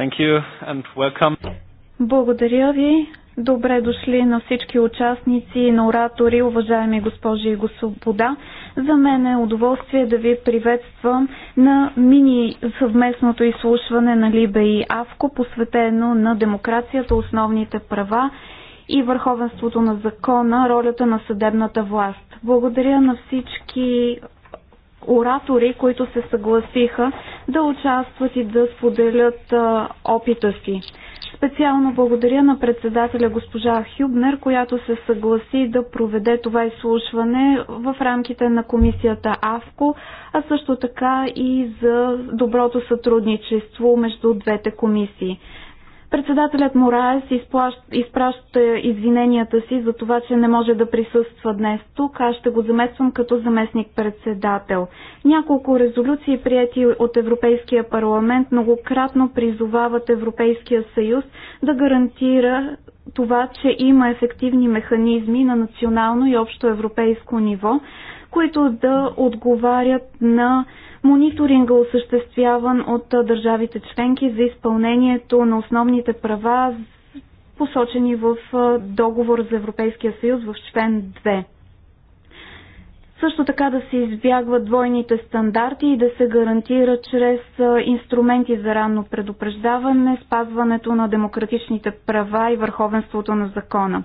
Thank you and welcome. Благодаря ви. Добре дошли на всички участници, на оратори, уважаеми госпожи и господа. За мен е удоволствие да ви приветствам на мини съвместното изслушване на Либе и Авко, посветено на демокрацията, основните права и върховенството на закона, ролята на съдебната власт. Благодаря на всички оратори, които се съгласиха да участват и да споделят опита си. Специално благодаря на председателя госпожа Хюбнер, която се съгласи да проведе това изслушване в рамките на комисията АВКО, а също така и за доброто сътрудничество между двете комисии. Председателят Мораес изпраща извиненията си за това, че не може да присъства днес тук. Аз ще го замествам като заместник-председател. Няколко резолюции, прияти от Европейския парламент, многократно призовават Европейския съюз да гарантира това, че има ефективни механизми на национално и общо европейско ниво, които да отговарят на мониторинга, осъществяван от държавите членки за изпълнението на основните права, посочени в договор за Европейския съюз в член 2. Също така да се избягват двойните стандарти и да се гарантира чрез инструменти за ранно предупреждаване спазването на демократичните права и върховенството на закона.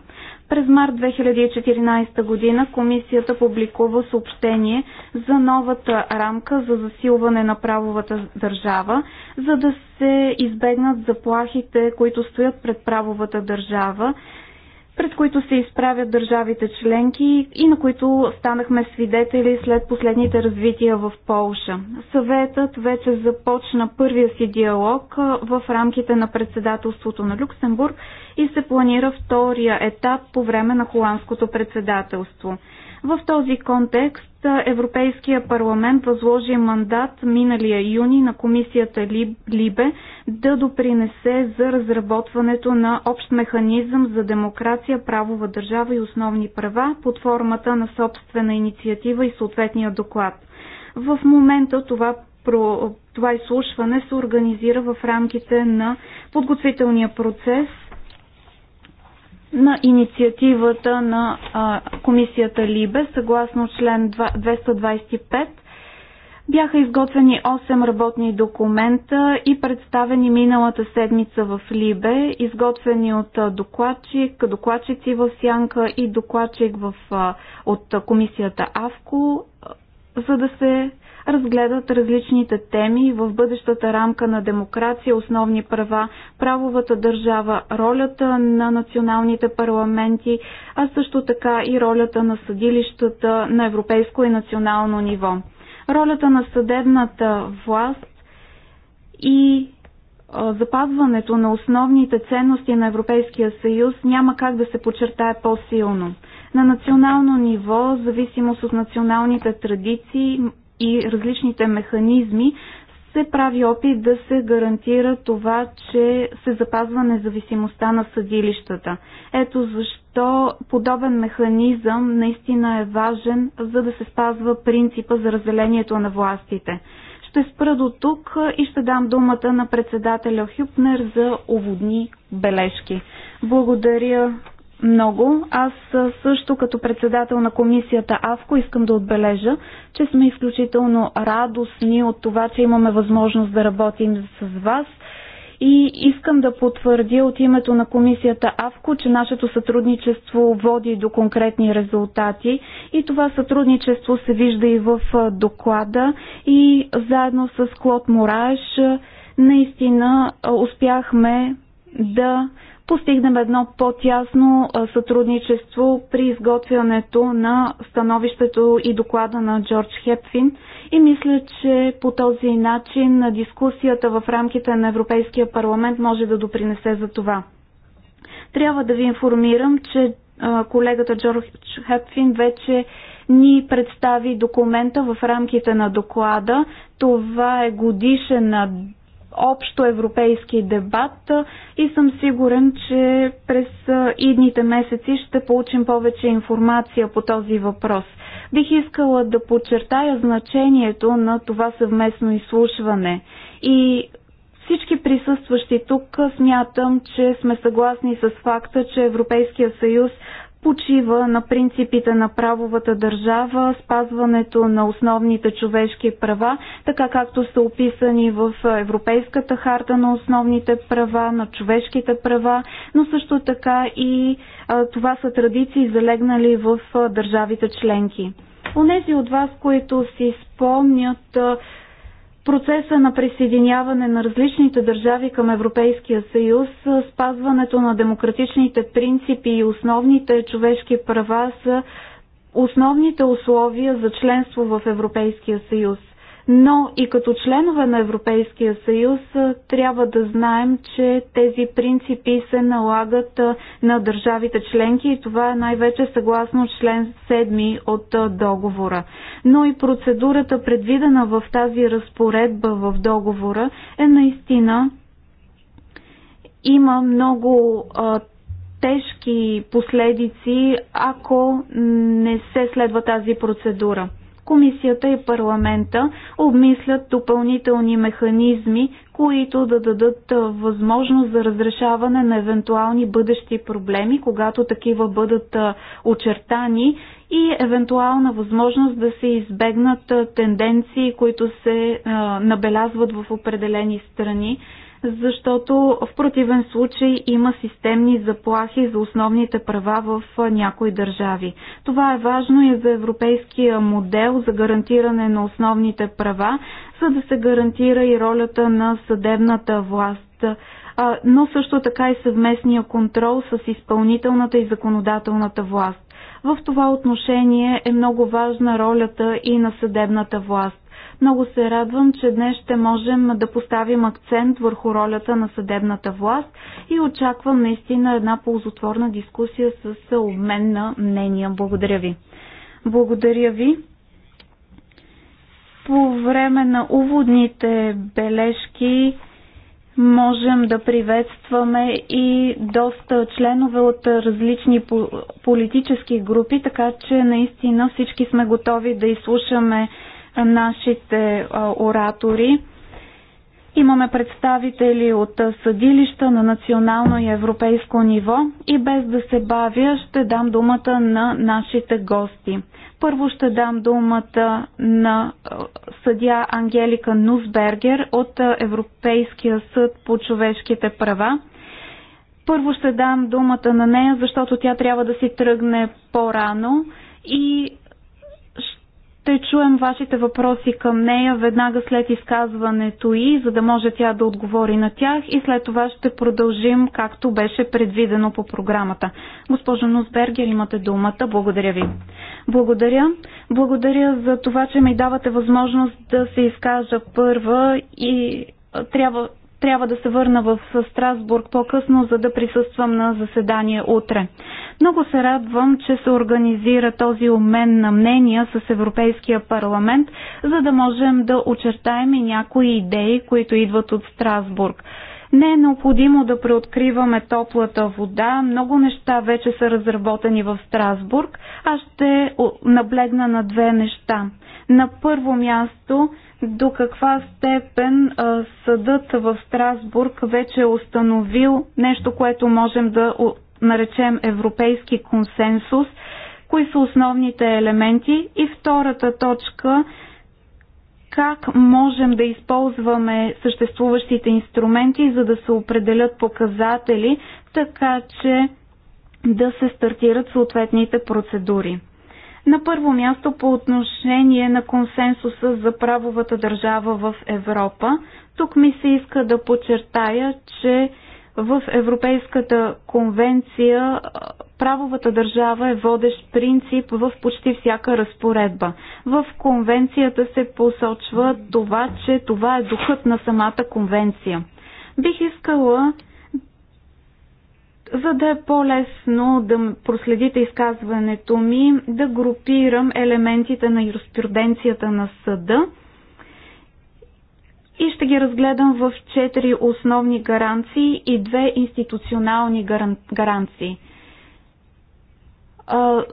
През март 2014 година комисията публикува съобщение за новата рамка за засилване на правовата държава, за да се избегнат заплахите, които стоят пред правовата държава, пред които се изправят държавите членки и на които станахме свидетели след последните развития в Полша. Съветът вече започна първия си диалог в рамките на председателството на Люксембург и се планира втория етап по време на холандското председателство. В този контекст Европейския парламент възложи мандат миналия юни на комисията Либе да допринесе за разработването на общ механизъм за демокрация, правова държава и основни права под формата на собствена инициатива и съответния доклад. В момента това това изслушване се организира в рамките на подготвителния процес на инициативата на а, комисията Либе, съгласно член 225, бяха изготвени 8 работни документа и представени миналата седмица в Либе, изготвени от докладчик, докладчици в Сянка и докладчик в, от комисията АВКО, за да се разгледат различните теми в бъдещата рамка на демокрация, основни права, правовата държава, ролята на националните парламенти, а също така и ролята на съдилищата на европейско и национално ниво. Ролята на съдебната власт и запазването на основните ценности на Европейския съюз няма как да се подчертае по-силно. На национално ниво, зависимост от националните традиции, и различните механизми се прави опит да се гарантира това, че се запазва независимостта на съдилищата. Ето защо подобен механизъм наистина е важен, за да се спазва принципа за разделението на властите. Ще спра до тук и ще дам думата на председателя Хюпнер за уводни бележки. Благодаря, много. Аз също като председател на комисията АВКО искам да отбележа, че сме изключително радостни от това, че имаме възможност да работим с вас. И искам да потвърдя от името на комисията АВКО, че нашето сътрудничество води до конкретни резултати и това сътрудничество се вижда и в доклада и заедно с Клод Мораеш наистина успяхме да постигнем едно по-тясно сътрудничество при изготвянето на становището и доклада на Джордж Хепфин и мисля, че по този начин дискусията в рамките на Европейския парламент може да допринесе за това. Трябва да ви информирам, че колегата Джордж Хепфин вече ни представи документа в рамките на доклада. Това е годишен общо европейски дебат и съм сигурен, че през идните месеци ще получим повече информация по този въпрос. Бих искала да подчертая значението на това съвместно изслушване и всички присъстващи тук смятам, че сме съгласни с факта, че Европейския съюз почива на принципите на правовата държава, спазването на основните човешки права, така както са описани в Европейската харта на основните права, на човешките права, но също така и а, това са традиции залегнали в а, държавите членки. Онези от вас, които си спомнят процеса на присъединяване на различните държави към Европейския съюз, спазването на демократичните принципи и основните човешки права са основните условия за членство в Европейския съюз но и като членове на Европейския съюз трябва да знаем, че тези принципи се налагат на държавите членки и това е най-вече съгласно член 7 от договора. Но и процедурата, предвидена в тази разпоредба в договора, е наистина има много а, тежки последици, ако не се следва тази процедура комисията и парламента обмислят допълнителни механизми, които да дадат възможност за разрешаване на евентуални бъдещи проблеми, когато такива бъдат очертани и евентуална възможност да се избегнат тенденции, които се набелязват в определени страни защото в противен случай има системни заплахи за основните права в някои държави. Това е важно и за европейския модел за гарантиране на основните права, за да се гарантира и ролята на съдебната власт но също така и съвместния контрол с изпълнителната и законодателната власт. В това отношение е много важна ролята и на съдебната власт. Много се радвам, че днес ще можем да поставим акцент върху ролята на съдебната власт и очаквам наистина една ползотворна дискусия с обмен на мнения. Благодаря ви. Благодаря ви. По време на уводните бележки можем да приветстваме и доста членове от различни политически групи, така че наистина всички сме готови да изслушаме нашите оратори. Имаме представители от съдилища на национално и европейско ниво и без да се бавя ще дам думата на нашите гости. Първо ще дам думата на съдя Ангелика Нусбергер от Европейския съд по човешките права. Първо ще дам думата на нея, защото тя трябва да си тръгне по-рано и ще чуем вашите въпроси към нея веднага след изказването и, за да може тя да отговори на тях и след това ще продължим както беше предвидено по програмата. Госпожо Носбергер, имате думата. Благодаря ви. Благодаря. Благодаря за това, че ми давате възможност да се изкажа първа и трябва трябва да се върна в Страсбург по-късно, за да присъствам на заседание утре. Много се радвам, че се организира този обмен на мнения с Европейския парламент, за да можем да очертаем и някои идеи, които идват от Страсбург. Не е необходимо да преоткриваме топлата вода. Много неща вече са разработени в Страсбург. Аз ще наблегна на две неща. На първо място, до каква степен съдът в Страсбург вече е установил нещо, което можем да наречем европейски консенсус, кои са основните елементи и втората точка как можем да използваме съществуващите инструменти, за да се определят показатели, така че да се стартират съответните процедури. На първо място по отношение на консенсуса за правовата държава в Европа, тук ми се иска да подчертая, че в Европейската конвенция правовата държава е водещ принцип в почти всяка разпоредба. В конвенцията се посочва това, че това е духът на самата конвенция. Бих искала, за да е по-лесно да проследите изказването ми, да групирам елементите на юриспруденцията на съда – и ще ги разгледам в четири основни гаранции и две институционални гаран... гаранции. А,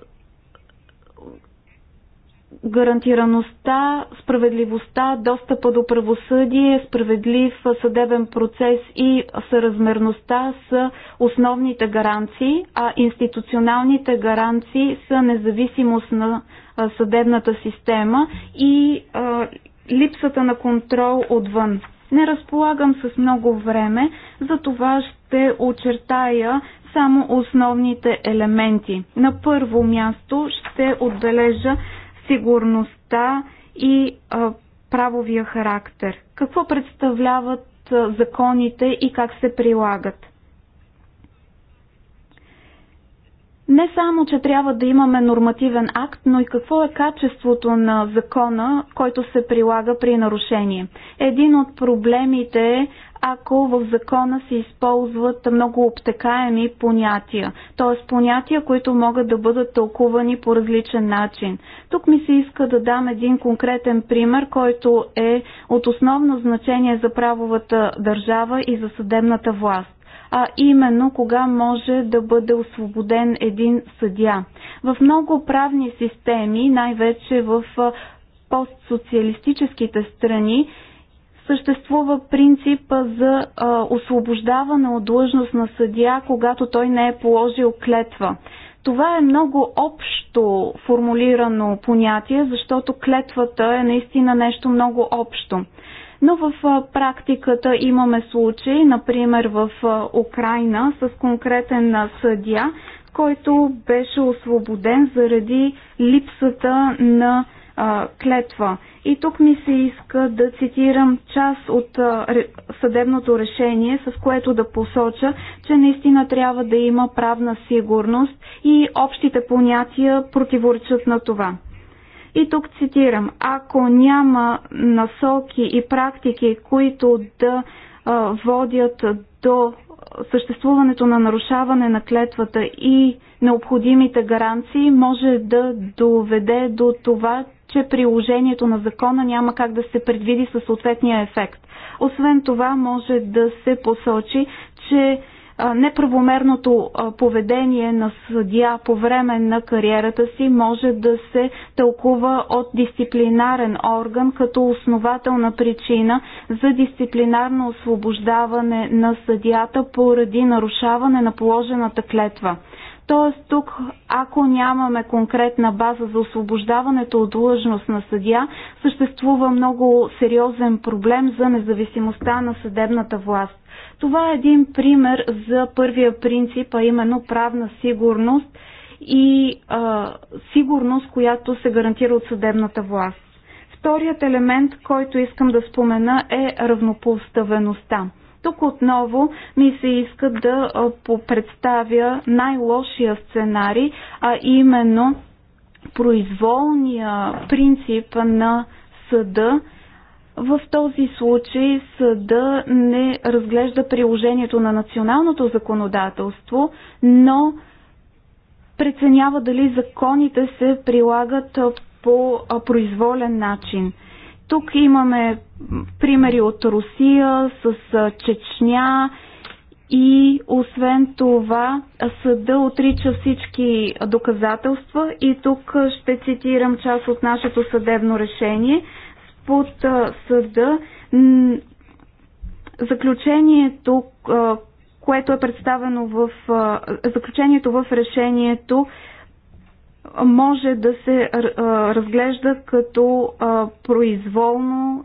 гарантираността, справедливостта, достъпа до правосъдие, справедлив съдебен процес и съразмерността са основните гаранции, а институционалните гаранции са независимост на съдебната система и а, липсата на контрол отвън. Не разполагам с много време, за това ще очертая само основните елементи. На първо място ще отбележа сигурността и а, правовия характер. Какво представляват законите и как се прилагат? не само, че трябва да имаме нормативен акт, но и какво е качеството на закона, който се прилага при нарушение. Един от проблемите е, ако в закона се използват много обтекаеми понятия, т.е. понятия, които могат да бъдат тълкувани по различен начин. Тук ми се иска да дам един конкретен пример, който е от основно значение за правовата държава и за съдебната власт а именно кога може да бъде освободен един съдя. В много правни системи, най-вече в постсоциалистическите страни, съществува принцип за а, освобождаване от длъжност на съдия, когато той не е положил клетва. Това е много общо формулирано понятие, защото клетвата е наистина нещо много общо но в практиката имаме случаи, например в Украина с конкретен съдия, който беше освободен заради липсата на а, клетва. И тук ми се иска да цитирам част от а, съдебното решение, с което да посоча, че наистина трябва да има правна сигурност и общите понятия противоречат на това. И тук цитирам, ако няма насоки и практики, които да а, водят до съществуването на нарушаване на клетвата и необходимите гаранции, може да доведе до това, че приложението на закона няма как да се предвиди със съответния ефект. Освен това, може да се посочи, че неправомерното поведение на съдия по време на кариерата си може да се тълкува от дисциплинарен орган като основателна причина за дисциплинарно освобождаване на съдията поради нарушаване на положената клетва. Тоест тук, ако нямаме конкретна база за освобождаването от длъжност на съдия, съществува много сериозен проблем за независимостта на съдебната власт. Това е един пример за първия принцип, а именно правна сигурност и а, сигурност, която се гарантира от съдебната власт. Вторият елемент, който искам да спомена е равнопоставеността. Тук отново ми се иска да представя най-лошия сценарий, а именно произволния принцип на съда в този случай съда не разглежда приложението на националното законодателство, но преценява дали законите се прилагат по произволен начин. Тук имаме примери от Русия с Чечня и освен това съда отрича всички доказателства и тук ще цитирам част от нашето съдебно решение – под съда заключението, което е представено в заключението в решението може да се разглежда като произволно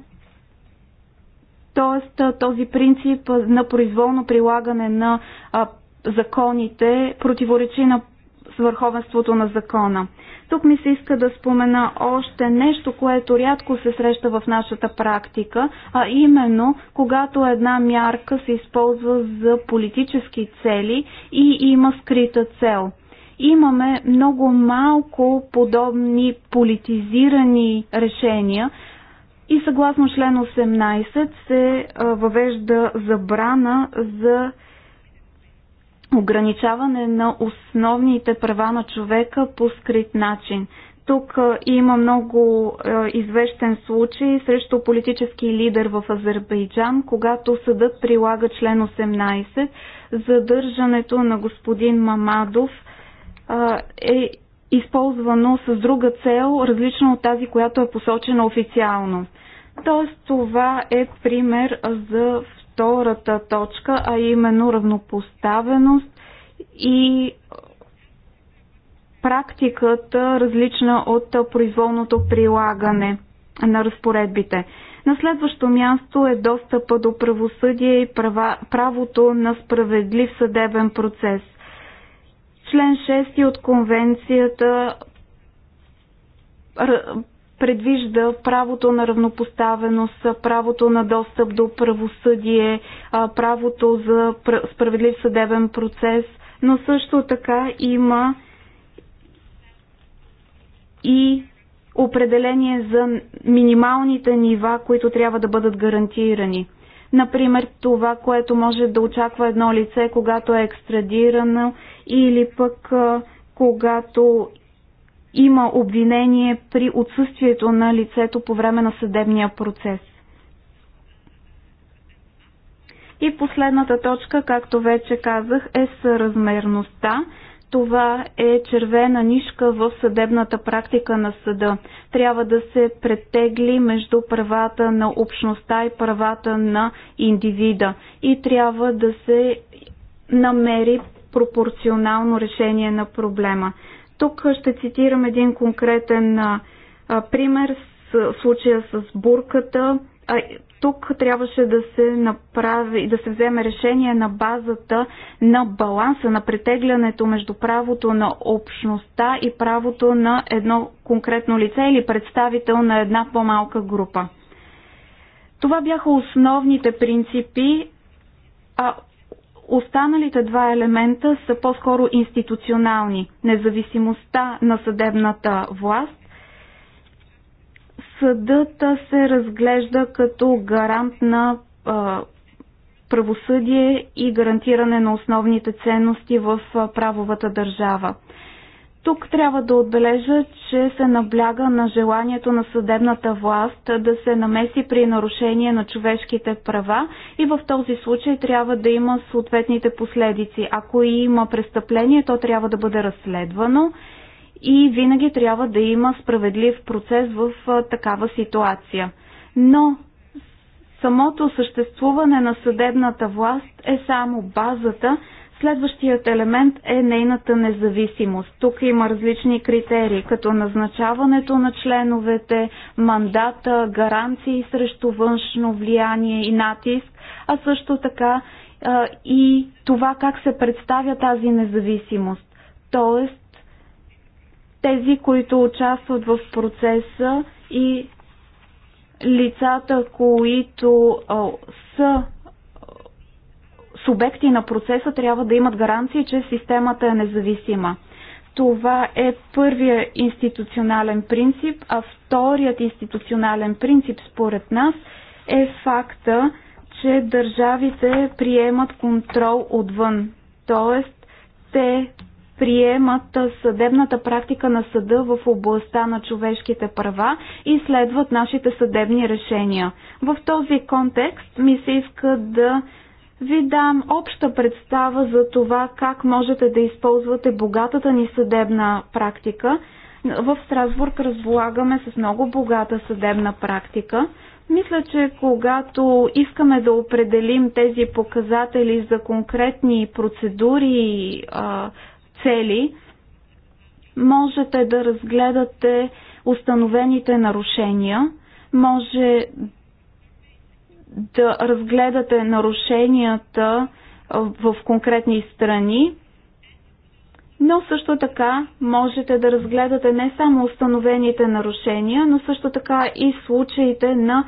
Тоест този принцип на произволно прилагане на законите противоречи на върховенството на закона. Тук ми се иска да спомена още нещо, което рядко се среща в нашата практика, а именно когато една мярка се използва за политически цели и има скрита цел имаме много малко подобни политизирани решения и съгласно член 18 се въвежда забрана за ограничаване на основните права на човека по скрит начин. Тук има много известен случай срещу политически лидер в Азербайджан, когато съдът прилага член 18. Задържането на господин Мамадов е използвано с друга цел, различна от тази, която е посочена официално. Тоест, това е пример за втората точка, а именно равнопоставеност и практиката различна от произволното прилагане на разпоредбите. На следващо място е достъпа до правосъдие и права, правото на справедлив съдебен процес. Член 6 от конвенцията предвижда правото на равнопоставеност, правото на достъп до правосъдие, правото за справедлив съдебен процес, но също така има и определение за минималните нива, които трябва да бъдат гарантирани. Например, това, което може да очаква едно лице, когато е екстрадирано или пък когато има обвинение при отсъствието на лицето по време на съдебния процес. И последната точка, както вече казах, е съразмерността. Това е червена нишка в съдебната практика на съда. Трябва да се претегли между правата на общността и правата на индивида. И трябва да се намери пропорционално решение на проблема. Тук ще цитирам един конкретен пример с случая с бурката. Тук трябваше да се направи, да се вземе решение на базата на баланса, на претеглянето между правото на общността и правото на едно конкретно лице или представител на една по-малка група. Това бяха основните принципи, а Останалите два елемента са по-скоро институционални. Независимостта на съдебната власт. Съдът се разглежда като гарант на правосъдие и гарантиране на основните ценности в правовата държава. Тук трябва да отбележа, че се набляга на желанието на съдебната власт да се намеси при нарушение на човешките права и в този случай трябва да има съответните последици. Ако има престъпление, то трябва да бъде разследвано и винаги трябва да има справедлив процес в такава ситуация. Но самото съществуване на съдебната власт е само базата Следващият елемент е нейната независимост. Тук има различни критерии, като назначаването на членовете, мандата, гаранции срещу външно влияние и натиск, а също така и това как се представя тази независимост. Тоест, тези, които участват в процеса и лицата, които а, са субекти на процеса трябва да имат гаранции, че системата е независима. Това е първия институционален принцип, а вторият институционален принцип според нас е факта, че държавите приемат контрол отвън. Тоест, те приемат съдебната практика на съда в областта на човешките права и следват нашите съдебни решения. В този контекст ми се иска да ви дам обща представа за това как можете да използвате богатата ни съдебна практика. В Страсбург разполагаме с много богата съдебна практика. Мисля, че когато искаме да определим тези показатели за конкретни процедури и цели, можете да разгледате установените нарушения, може да разгледате нарушенията в конкретни страни, но също така можете да разгледате не само установените нарушения, но също така и случаите на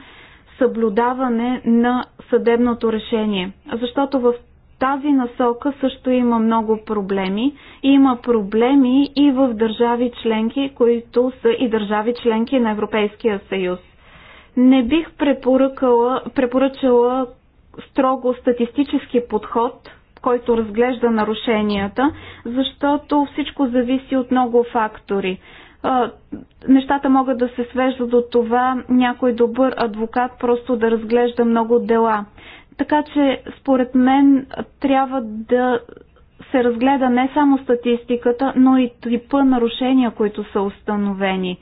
съблюдаване на съдебното решение. Защото в тази насока също има много проблеми. Има проблеми и в държави членки, които са и държави членки на Европейския съюз. Не бих препоръчала строго статистически подход, който разглежда нарушенията, защото всичко зависи от много фактори. Нещата могат да се свеждат до това някой добър адвокат просто да разглежда много дела. Така че, според мен, трябва да се разгледа не само статистиката, но и типа нарушения, които са установени.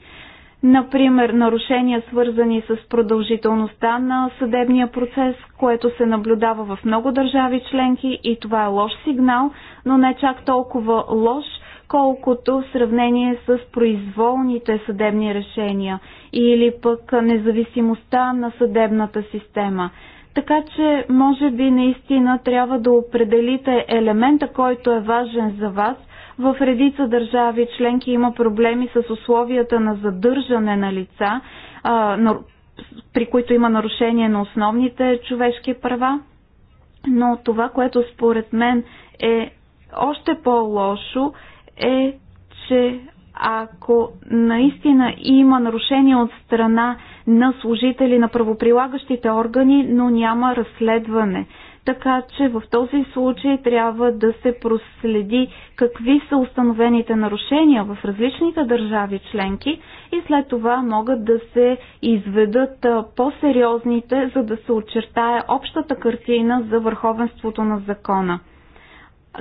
Например, нарушения свързани с продължителността на съдебния процес, което се наблюдава в много държави членки и това е лош сигнал, но не чак толкова лош, колкото в сравнение с произволните съдебни решения или пък независимостта на съдебната система. Така че, може би наистина трябва да определите елемента, който е важен за вас в редица държави членки има проблеми с условията на задържане на лица, при които има нарушение на основните човешки права. Но това, което според мен е още по-лошо, е, че ако наистина има нарушение от страна на служители на правоприлагащите органи, но няма разследване. Така че в този случай трябва да се проследи какви са установените нарушения в различните държави членки и след това могат да се изведат по-сериозните, за да се очертае общата картина за върховенството на закона.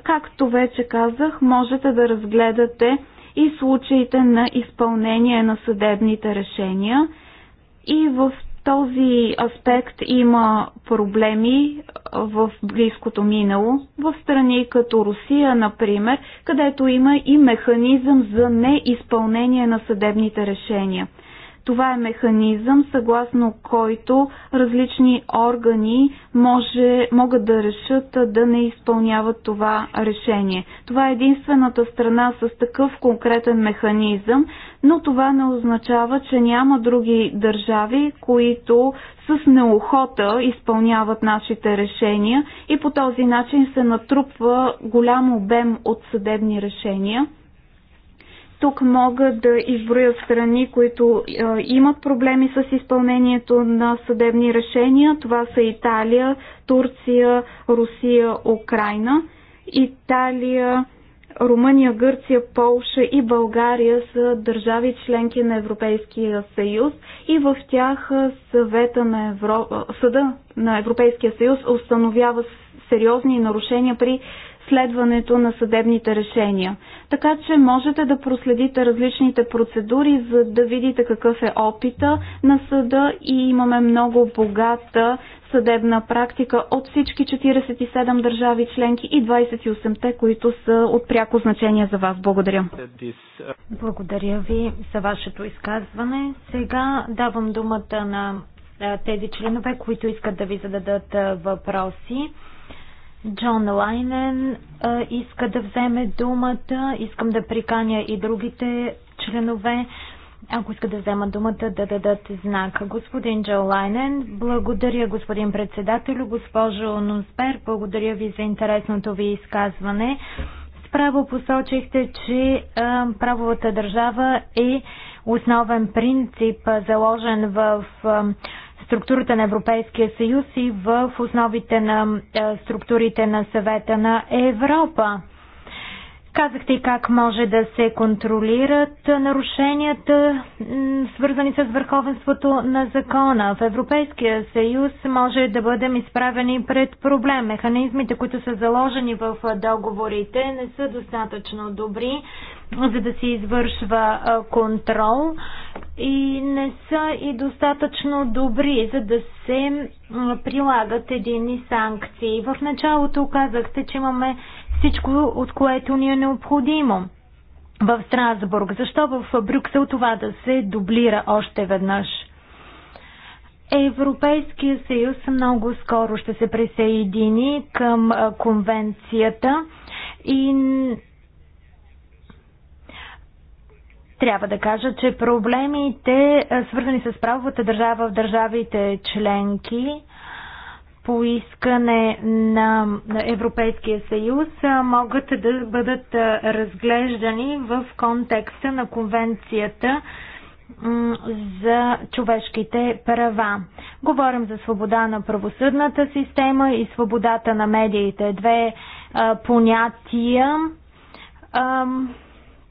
Както вече казах, можете да разгледате и случаите на изпълнение на съдебните решения и в този аспект има проблеми в близкото минало, в страни като Русия, например, където има и механизъм за неизпълнение на съдебните решения. Това е механизъм, съгласно който различни органи може, могат да решат да не изпълняват това решение. Това е единствената страна с такъв конкретен механизъм, но това не означава, че няма други държави, които с неохота изпълняват нашите решения и по този начин се натрупва голям обем от съдебни решения тук мога да изброя страни, които е, имат проблеми с изпълнението на съдебни решения. Това са Италия, Турция, Русия, Украина. Италия, Румъния, Гърция, Полша и България са държави членки на Европейския съюз и в тях е, съвета на Евро... Съда на Европейския съюз установява сериозни нарушения при следването на съдебните решения. Така че можете да проследите различните процедури, за да видите какъв е опита на съда и имаме много богата съдебна практика от всички 47 държави членки и 28-те, които са от пряко значение за вас. Благодаря. Благодаря ви за вашето изказване. Сега давам думата на тези членове, които искат да ви зададат въпроси. Джон Лайнен а, иска да вземе думата. Искам да приканя и другите членове, ако иска да вземат думата, да дадат знак. Господин Джон Лайнен, благодаря господин председател, госпожо Нунсберг, благодаря ви за интересното ви изказване. Справо посочихте, че а, правовата държава е основен принцип, заложен в а, структурата на Европейския съюз и в основите на е, структурите на съвета на Европа. Казахте и как може да се контролират нарушенията, свързани с върховенството на закона. В Европейския съюз може да бъдем изправени пред проблем. Механизмите, които са заложени в договорите, не са достатъчно добри за да се извършва контрол и не са и достатъчно добри, за да се прилагат едини санкции. В началото казахте, че имаме всичко, от което ни е необходимо в Страсбург. Защо в Брюксел това да се дублира още веднъж? Европейския съюз много скоро ще се присъедини към конвенцията и трябва да кажа, че проблемите, е, свързани с правовата държава в държавите членки, по искане на Европейския съюз е, могат да бъдат е, разглеждани в контекста на конвенцията за човешките права. Говорим за свобода на правосъдната система и свободата на медиите. Две понятия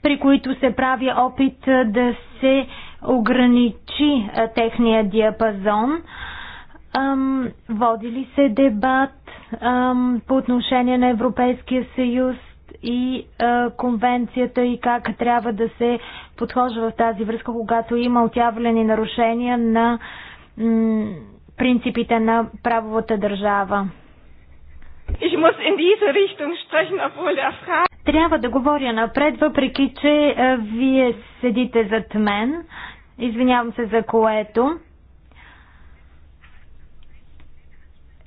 при които се прави опит да се ограничи техния диапазон. Води ли се дебат по отношение на Европейския съюз и конвенцията и как трябва да се подхожда в тази връзка, когато има отявлени нарушения на принципите на правовата държава? Ich muss in diese Richtung sprechen, obwohl der Frage... Трябва да говоря напред, въпреки че вие седите зад мен. Извинявам се за което.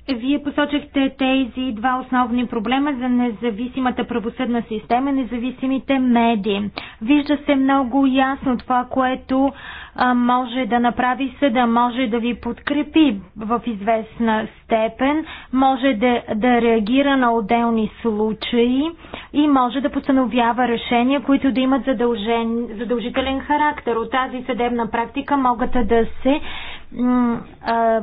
Вие посочихте тези два основни проблема за независимата правосъдна система, независимите медии. Вижда се много ясно това, което а, може да направи съда, може да ви подкрепи в известна степен, може да, да реагира на отделни случаи и може да постановява решения, които да имат задължен, задължителен характер. От тази съдебна практика могат да се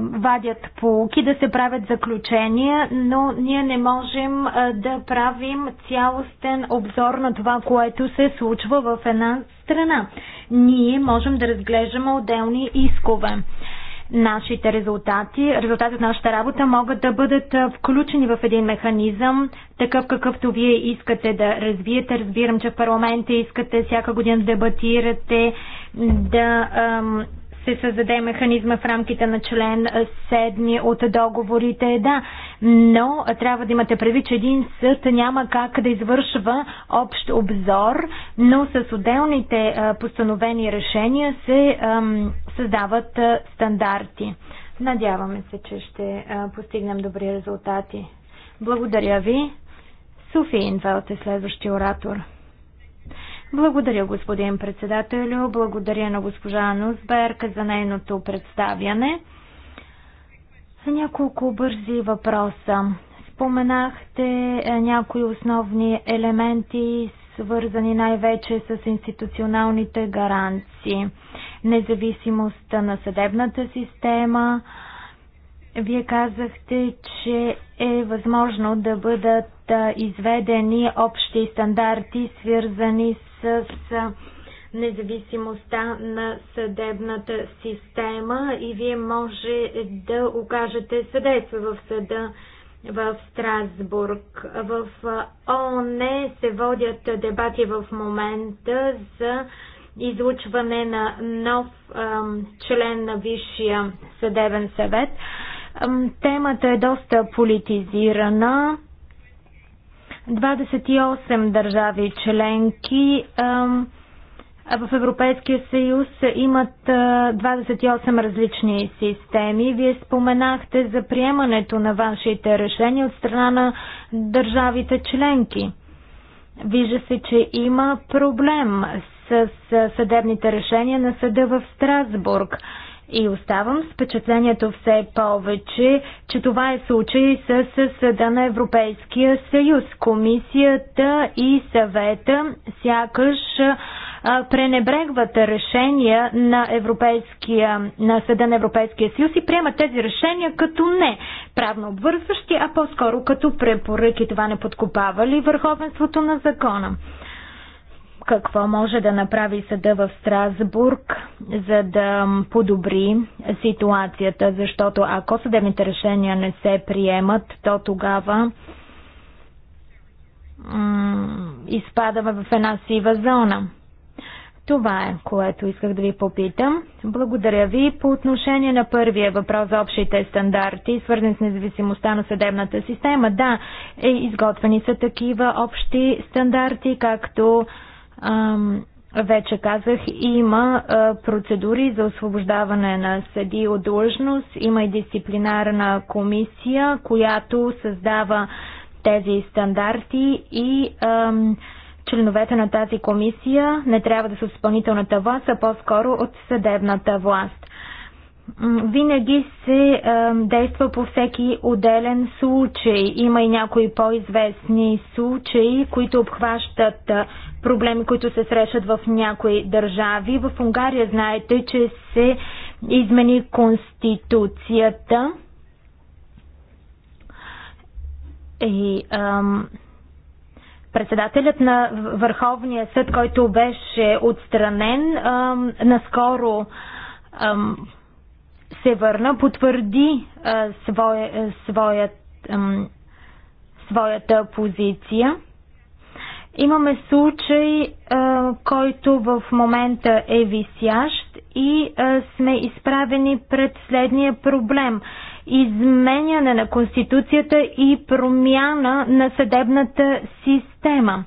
вадят полуки, да се правят заключения, но ние не можем да правим цялостен обзор на това, което се случва в една страна. Ние можем да разглеждаме отделни искове нашите резултати, резултати от нашата работа могат да бъдат включени в един механизъм, такъв какъвто вие искате да развиете. Разбирам, че в парламента искате всяка година да дебатирате, да ам, се създаде механизма в рамките на член 7 от договорите, да, но трябва да имате предвид, че един съд няма как да извършва общ обзор, но с отделните постановени решения се създават стандарти. Надяваме се, че ще постигнем добри резултати. Благодаря ви. Софи Инвелт е следващия оратор. Благодаря, господин председателю. Благодаря на госпожа Нусберг за нейното представяне. Няколко бързи въпроса. Споменахте е, някои основни елементи, свързани най-вече с институционалните гаранции, независимост на съдебната система. Вие казахте, че е възможно да бъдат изведени общи стандарти, свързани с независимостта на съдебната система и вие може да окажете съдейство в съда в Страсбург. В ООН се водят дебати в момента за излучване на нов ем, член на Висшия съдебен съвет. Темата е доста политизирана. 28 държави членки в Европейския съюз имат 28 различни системи. Вие споменахте за приемането на вашите решения от страна на държавите членки. Вижда се, че има проблем с съдебните решения на съда в Страсбург. И оставам с впечатлението все повече, че това е случай с Съда на Европейския съюз. Комисията и съвета сякаш пренебрегват решения на, Европейския, на Съда на Европейския съюз и приемат тези решения като не правно обвързващи, а по-скоро като препоръки. Това не подкопава ли върховенството на закона? какво може да направи съда в Страсбург, за да подобри ситуацията, защото ако съдебните решения не се приемат, то тогава изпадаме в една сива зона. Това е, което исках да ви попитам. Благодаря ви. По отношение на първия въпрос за общите стандарти, свързани с независимостта на съдебната система, да, е, изготвени са такива общи стандарти, както вече казах, има процедури за освобождаване на съди от длъжност, има и дисциплинарна комисия, която създава тези стандарти и ам, членовете на тази комисия не трябва да са от изпълнителната власт, а по-скоро от съдебната власт винаги се е, действа по всеки отделен случай. Има и някои по-известни случаи, които обхващат проблеми, които се срещат в някои държави. В Унгария знаете, че се измени конституцията. И ам, председателят на Върховния съд, който беше отстранен, ам, наскоро ам, се върна, потвърди а, своя, своят, а, своята позиция. Имаме случай, а, който в момента е висящ и а, сме изправени пред следния проблем. Изменяне на Конституцията и промяна на съдебната система.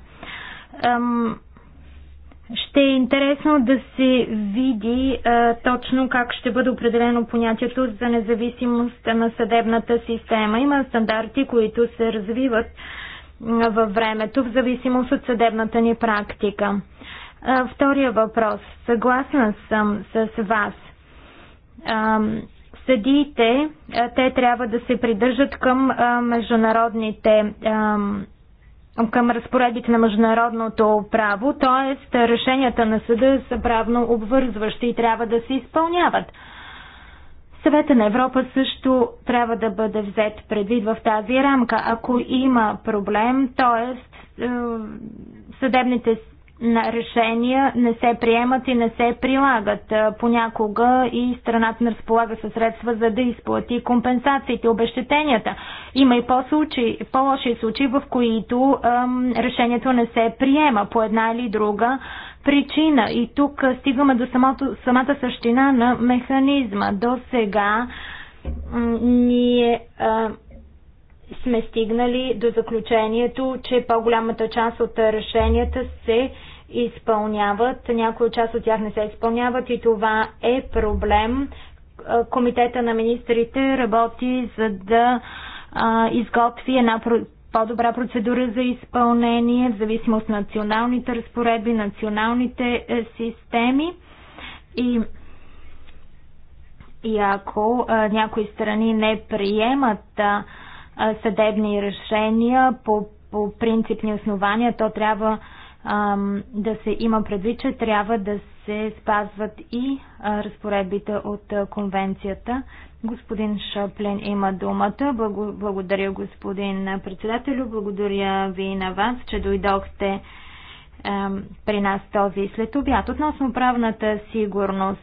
Ще е интересно да се види а, точно как ще бъде определено понятието за независимост на съдебната система. Има стандарти, които се развиват във времето в зависимост от съдебната ни практика. А, втория въпрос. Съгласна съм с вас. А, съдиите, те трябва да се придържат към международните към разпоредите на международното право, т.е. решенията на съда са правно обвързващи и трябва да се изпълняват. Съвета на Европа също трябва да бъде взет предвид в тази рамка. Ако има проблем, т.е. Е, съдебните на решения не се приемат и не се прилагат. Понякога и страната не разполага със средства за да изплати компенсациите, обещетенията. Има и по-случаи, по-лоши случаи, в които ем, решението не се приема по една или друга причина. И тук стигаме до самото, самата същина на механизма. До сега ние е, сме стигнали до заключението, че по-голямата част от решенията се изпълняват, някои от част от тях не се изпълняват и това е проблем. Комитета на министрите работи за да а, изготви една по-добра процедура за изпълнение в зависимост от националните разпоредби, националните е, системи и и ако а, някои страни не приемат а, съдебни решения по, по принципни основания, то трябва а, да се има предвид, че трябва да се спазват и разпоредбите от конвенцията. Господин Шоплен има думата. Благодаря, господин председателю. Благодаря ви на вас, че дойдохте при нас този след обяд. Относно правната сигурност,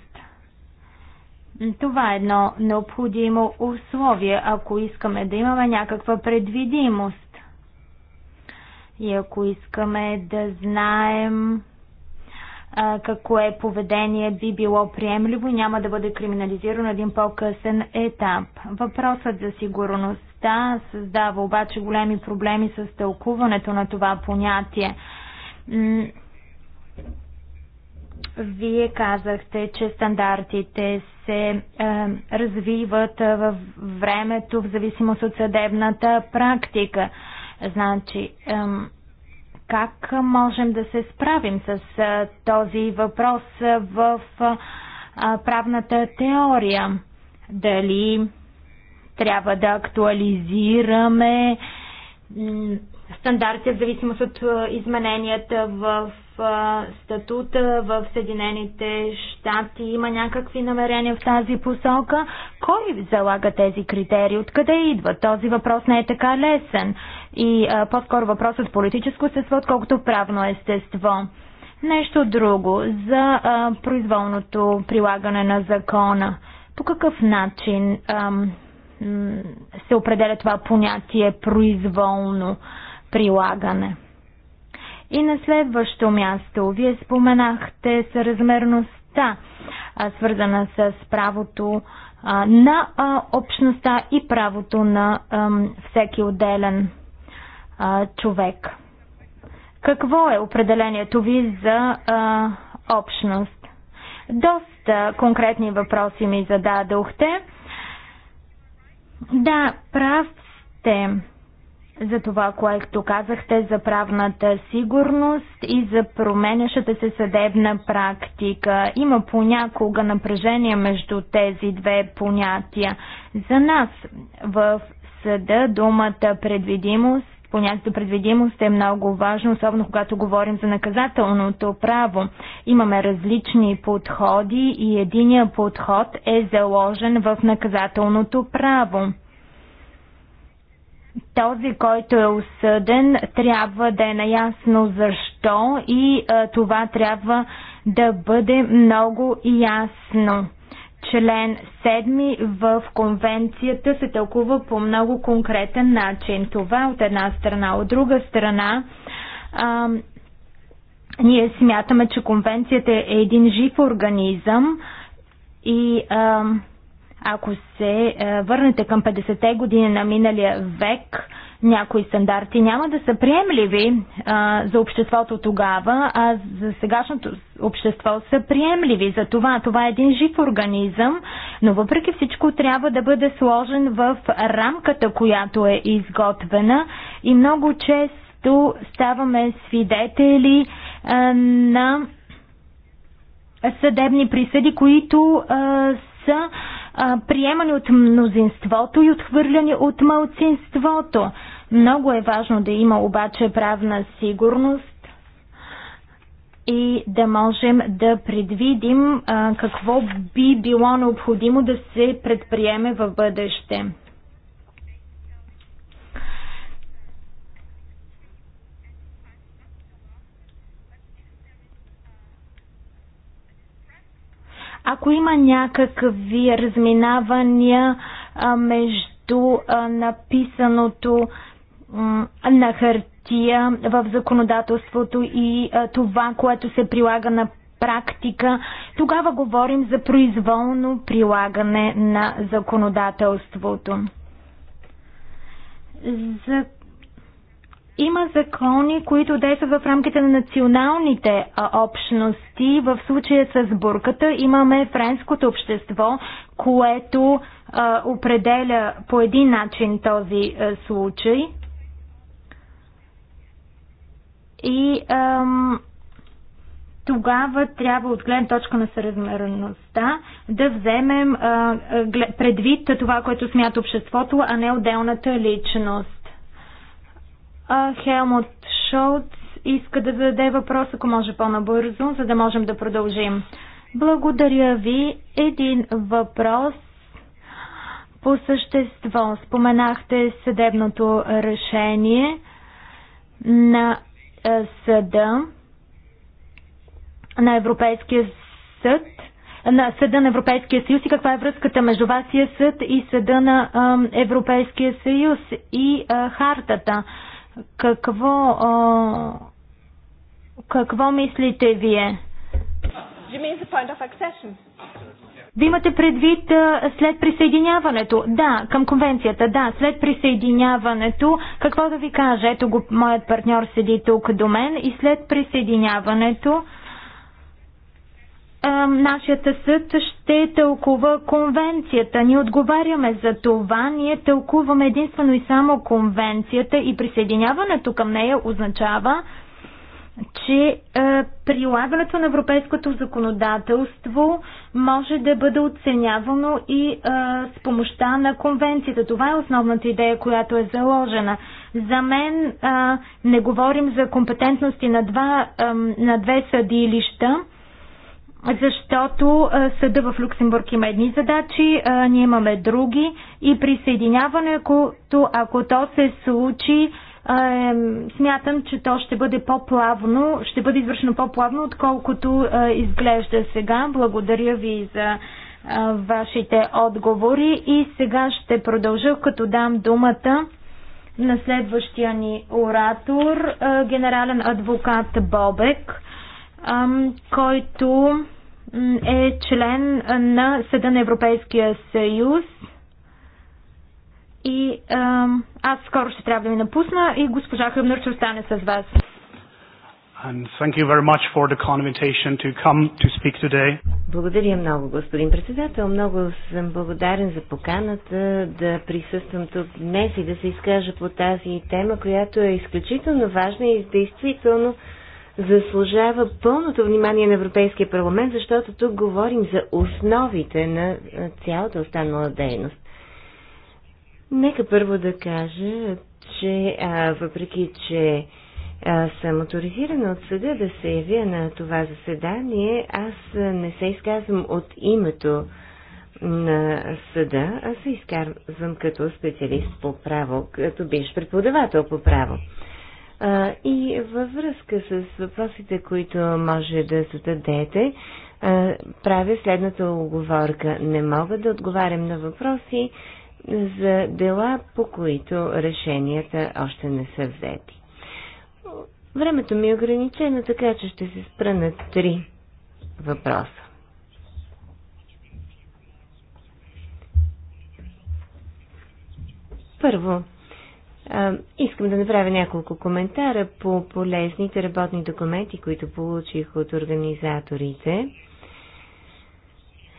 това е едно необходимо условие, ако искаме да имаме някаква предвидимост и ако искаме да знаем а, какво е поведение би било приемливо и няма да бъде криминализирано един по-късен етап. Въпросът за сигурността създава обаче големи проблеми с тълкуването на това понятие. Вие казахте, че стандартите се е, развиват във времето в зависимост от съдебната практика. Значи, как можем да се справим с е, този въпрос в е, правната теория? Дали трябва да актуализираме стандарти в зависимост от е, измененията в статута в Съединените щати? Има някакви намерения в тази посока? Кой залага тези критерии? Откъде идва? Този въпрос не е така лесен. И по-скоро въпрос от политическо естество, отколкото правно естество. Нещо друго за а, произволното прилагане на закона. По какъв начин ам, се определя това понятие произволно прилагане? И на следващо място, вие споменахте съразмерността, свързана с правото на общността и правото на всеки отделен човек. Какво е определението ви за общност? Доста конкретни въпроси ми зададохте. Да, прав сте за това, което казахте за правната сигурност и за променящата се съдебна практика. Има понякога напрежение между тези две понятия. За нас в съда думата предвидимост Понятието предвидимост е много важно, особено когато говорим за наказателното право. Имаме различни подходи и единия подход е заложен в наказателното право този, който е осъден, трябва да е наясно защо и а, това трябва да бъде много ясно. Член 7 в конвенцията се тълкува по много конкретен начин. Това от една страна. От друга страна, а, ние смятаме, че конвенцията е един жив организъм и а, ако се е, върнете към 50-те години на миналия век, някои стандарти няма да са приемливи а, е, за обществото тогава, а за сегашното общество са приемливи. За това това е един жив организъм, но въпреки всичко трябва да бъде сложен в рамката, която е изготвена и много често ставаме свидетели а, е, на съдебни присъди, които а, са приемани от мнозинството и отхвърляни от малцинството. Много е важно да има обаче правна сигурност и да можем да предвидим а, какво би било необходимо да се предприеме в бъдеще. Ако има някакви разминавания между написаното на хартия в законодателството и това, което се прилага на практика, тогава говорим за произволно прилагане на законодателството. За има закони, които действат в рамките на националните общности. В случая с бурката имаме френското общество, което а, определя по един начин този а, случай. И ам, тогава трябва от гледна точка на съразмерността да вземем а, предвид това, което смята обществото, а не отделната личност. Хелмут Шолц иска да зададе въпрос, ако може по-набързо, за да можем да продължим. Благодаря ви. Един въпрос по същество. Споменахте съдебното решение на е, съда на Европейския съд на Съда на Европейския съюз и каква е връзката между Васия съд и Съда на е, Европейския съюз и е, хартата. Какво, а, какво мислите вие? Вие имате предвид а, след присъединяването. Да, към конвенцията, да, след присъединяването. Какво да ви кажа? Ето го, моят партньор седи тук до мен и след присъединяването нашият съд ще тълкува конвенцията. Ние отговаряме за това, ние тълкуваме единствено и само конвенцията и присъединяването към нея означава, че е, прилагането на европейското законодателство може да бъде оценявано и е, с помощта на конвенцията. Това е основната идея, която е заложена. За мен е, не говорим за компетентности на, два, е, на две съдилища защото съда в Люксембург има едни задачи, а, ние имаме други и присъединяването, ако то се случи, а, смятам, че то ще бъде по-плавно, ще бъде извършено по-плавно, отколкото а, изглежда сега. Благодаря ви за вашите отговори и сега ще продължа, като дам думата на следващия ни оратор, генерален адвокат Бобек, който е член на Съда на Европейския съюз. И а, аз скоро ще трябва да ми напусна и госпожа Хъбнер ще остане с вас. And thank you very much for the invitation to come to speak today. Благодаря много, господин председател. Много съм благодарен за поканата да присъствам тук днес и да се изкажа по тази тема, която е изключително важна и действително заслужава пълното внимание на Европейския парламент, защото тук говорим за основите на цялата останала дейност. Нека първо да кажа, че а, въпреки, че а, съм авторизирана от съда да се явя на това заседание, аз не се изказвам от името на съда, а се изказвам като специалист по право, като биш преподавател по право. И във връзка с въпросите, които може да зададете, правя следната оговорка. Не мога да отговарям на въпроси за дела, по които решенията още не са взети. Времето ми е ограничено, така че ще се спра на три въпроса. Първо, Искам да направя няколко коментара по полезните работни документи, които получих от организаторите.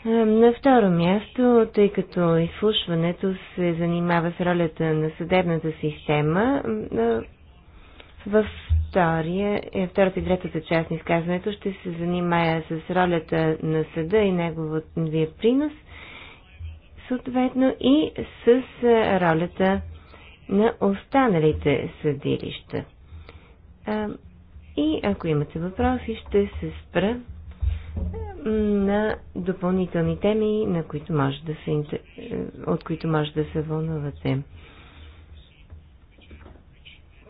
На второ място, тъй като изслушването се занимава с ролята на съдебната система, във втория, е, втората и третата част на изказването ще се занимая с ролята на съда и неговия принос, съответно и с ролята на останалите съдилища. И ако имате въпроси, ще се спра на допълнителни теми, на които може да се, е, от които може да се вълнувате.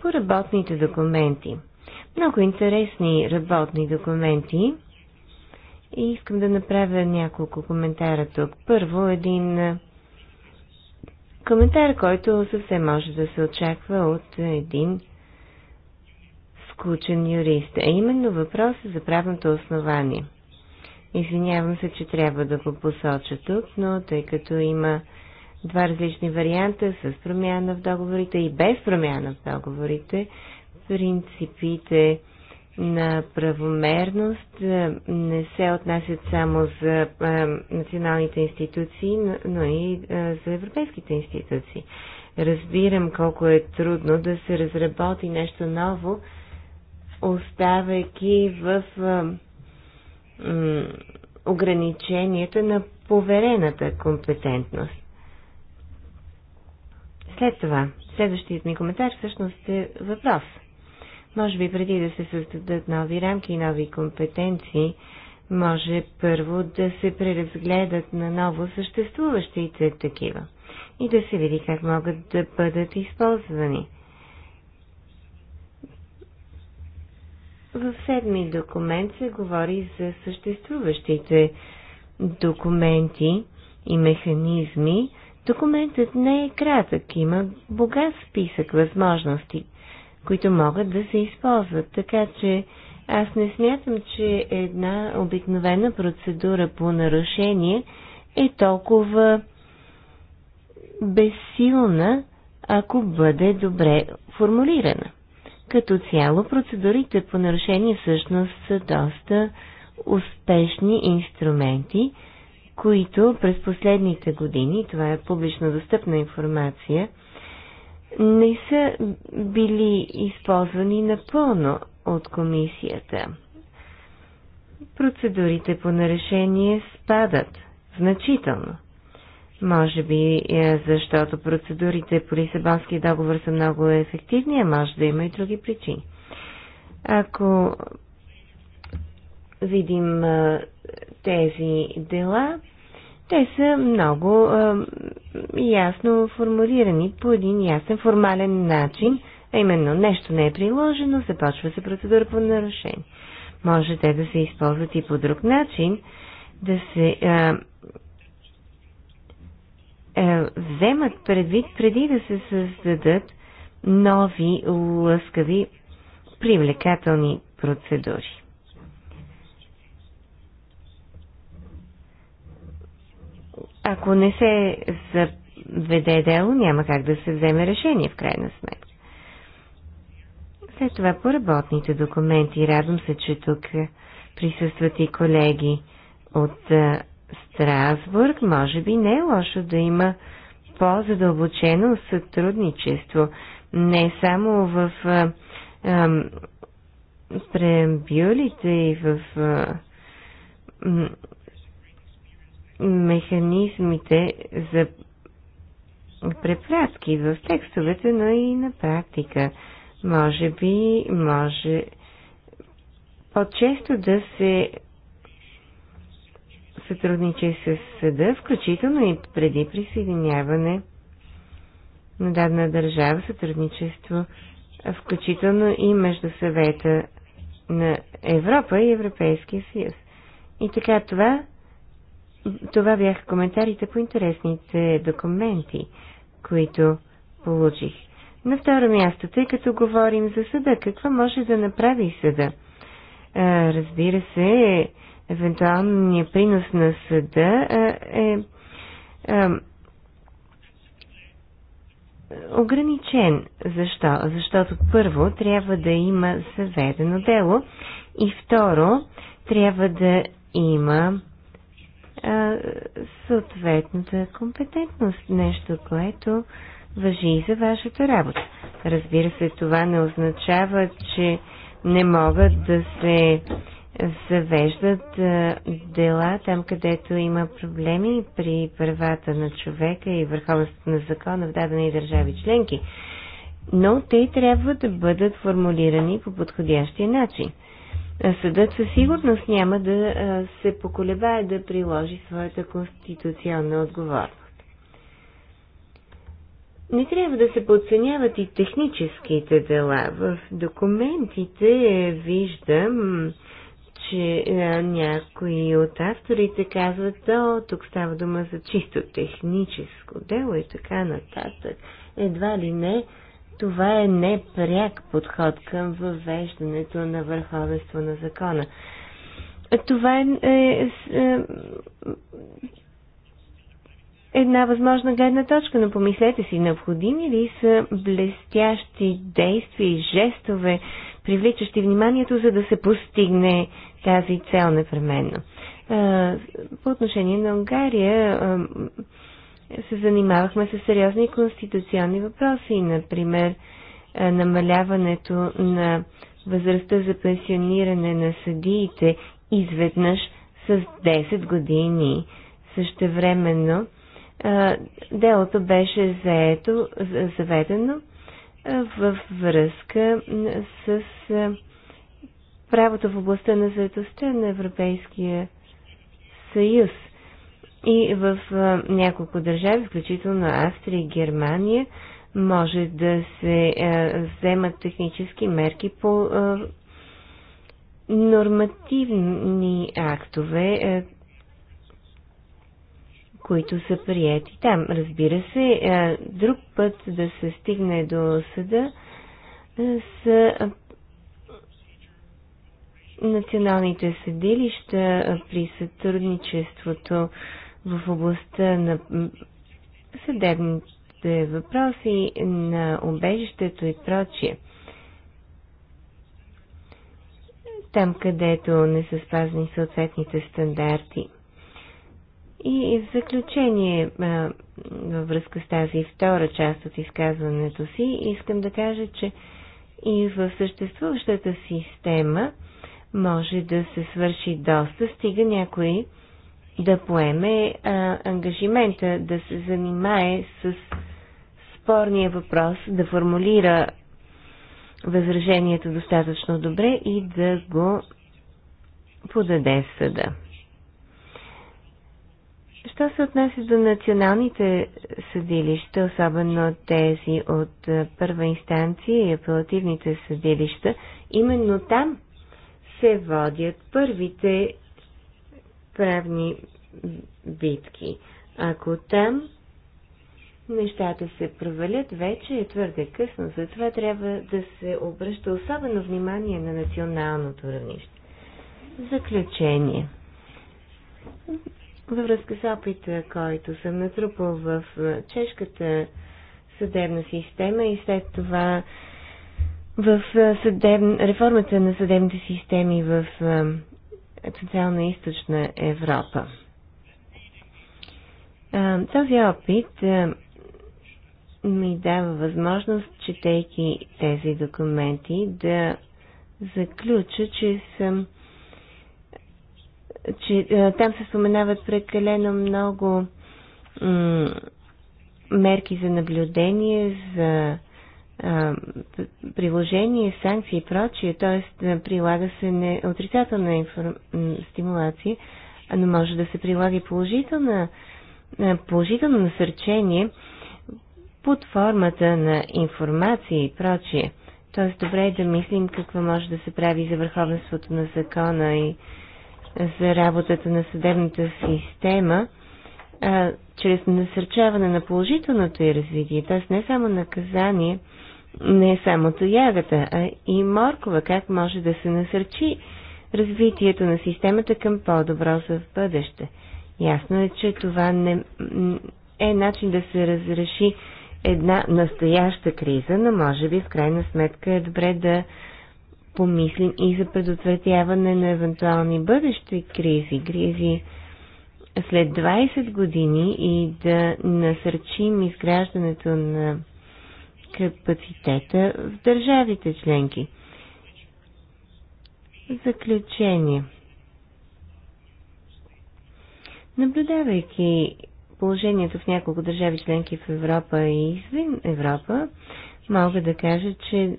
По работните документи. Много интересни работни документи. И искам да направя няколко коментара тук. Първо, един е, Коментар, който съвсем може да се очаква от един скучен юрист, а именно въпроса за правното основание. Извинявам се, че трябва да го посоча тук, но тъй като има два различни варианта с промяна в договорите и без промяна в договорите, принципите на правомерност е, не се отнасят само за е, националните институции, но и е, за европейските институции. Разбирам колко е трудно да се разработи нещо ново, оставайки в ограниченията на поверената компетентност. След това, следващият ми коментар всъщност е въпрос – може би преди да се създадат нови рамки и нови компетенции, може първо да се преразгледат на ново съществуващите такива и да се види как могат да бъдат използвани. В седми документ се говори за съществуващите документи и механизми. Документът не е кратък, има богат списък възможности – които могат да се използват. Така че аз не смятам, че една обикновена процедура по нарушение е толкова безсилна, ако бъде добре формулирана. Като цяло процедурите по нарушение всъщност са доста успешни инструменти, които през последните години, това е публично достъпна информация, не са били използвани напълно от комисията. Процедурите по нарешение спадат значително. Може би е, защото процедурите по Лисабонския договор са много ефективни, а може да има и други причини. Ако видим е, тези дела, те са много е, ясно формулирани по един ясен формален начин, а именно нещо не е приложено, започва се процедура по нарушение. Може те да се използват и по друг начин, да се е, е, вземат предвид преди да се създадат нови лъскави привлекателни процедури. ако не се заведе дело, няма как да се вземе решение в крайна сметка. След това по работните документи. Радвам се, че тук присъстват и колеги от Страсбург. Може би не е лошо да има по-задълбочено сътрудничество. Не само в а, а, преамбюлите и в а, механизмите за препратки в текстовете, но и на практика. Може би, може по-често да се сътрудничи с съда, включително и преди присъединяване на дадена държава, сътрудничество, включително и между съвета на Европа и Европейския съюз. И така това това бяха коментарите по интересните документи, които получих. На второ място, тъй като говорим за съда, какво може да направи съда? Разбира се, евентуалният принос на съда е ограничен. Защо? Защото първо трябва да има заведено дело и второ трябва да има съответната компетентност. Нещо, което въжи и за вашата работа. Разбира се, това не означава, че не могат да се завеждат дела там, където има проблеми при правата на човека и върховността на закона в дадени държави членки. Но те трябва да бъдат формулирани по подходящия начин съдът със сигурност няма да се поколебае да приложи своята конституционна отговорност. Не трябва да се подценяват и техническите дела. В документите виждам, че някои от авторите казват, то тук става дума за чисто техническо дело и така нататък. Едва ли не това е непряк подход към въвеждането на върховенство на закона. Това е, е, е една възможна гледна точка, но помислете си, необходими ли са блестящи действия и жестове, привличащи вниманието, за да се постигне тази цел непременно. Е, по отношение на Унгария, е, се занимавахме с сериозни конституционни въпроси, например е, намаляването на възрастта за пенсиониране на съдиите изведнъж с 10 години. Същевременно е, делото беше заето, заведено е, във връзка с правото в областта на заедостта на Европейския съюз – и в няколко държави, включително Австрия и Германия, може да се вземат технически мерки по нормативни актове, които са приети там. Разбира се, друг път да се стигне до съда с националните съдилища при сътрудничеството в областта на съдебните въпроси, на обежището и прочие. Там, където не са спазни съответните стандарти. И в заключение, във връзка с тази втора част от изказването си, искам да кажа, че и в съществуващата система може да се свърши доста, стига някои да поеме а, ангажимента да се занимае с спорния въпрос, да формулира възражението достатъчно добре и да го подаде в съда. Що се отнася до националните съдилища, особено тези от първа инстанция и апелативните съдилища, именно там се водят първите правни битки. Ако там нещата се провалят, вече е твърде късно. Затова трябва да се обръща особено внимание на националното равнище. Заключение. Във връзка с опита, който съм натрупал в е, чешката съдебна система и след това в е, съдеб... реформата на съдебните системи в е, Централна и Източна Европа. Този опит ми дава възможност, четейки тези документи, да заключа, че съм че там се споменават прекалено много мерки за наблюдение, за приложение, санкции и прочие, т.е. прилага се не отрицателна информ... стимулация, но може да се прилага и положителна, положително насърчение под формата на информация и прочие. Т.е. добре е да мислим какво може да се прави за върховенството на закона и за работата на съдебната система а, чрез насърчаване на положителното и развитие, т.е. не само наказание, не е само тоягата, а и моркова, как може да се насърчи развитието на системата към по-добро за в бъдеще. Ясно е, че това не е начин да се разреши една настояща криза, но може би в крайна сметка е добре да помислим и за предотвратяване на евентуални бъдещи кризи, кризи след 20 години и да насърчим изграждането на капацитета в държавите членки. Заключение. Наблюдавайки положението в няколко държави членки в Европа и извън Европа, мога да кажа, че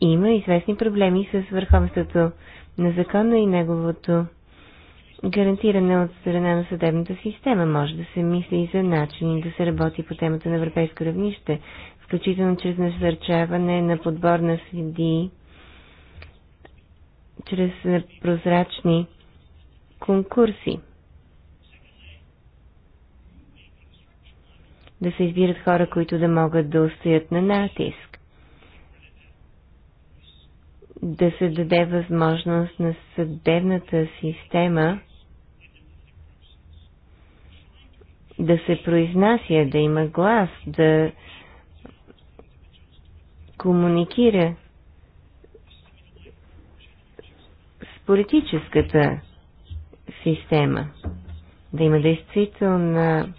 има известни проблеми с върховенството на закона и неговото Гарантиране от страна на съдебната система. Може да се мисли и за начини да се работи по темата на европейско равнище, включително чрез насърчаване на подбор на следи, чрез прозрачни конкурси. Да се избират хора, които да могат да устоят на натиск. Да се даде възможност на съдебната система да се произнася, да има глас, да комуникира с политическата система, да има действителна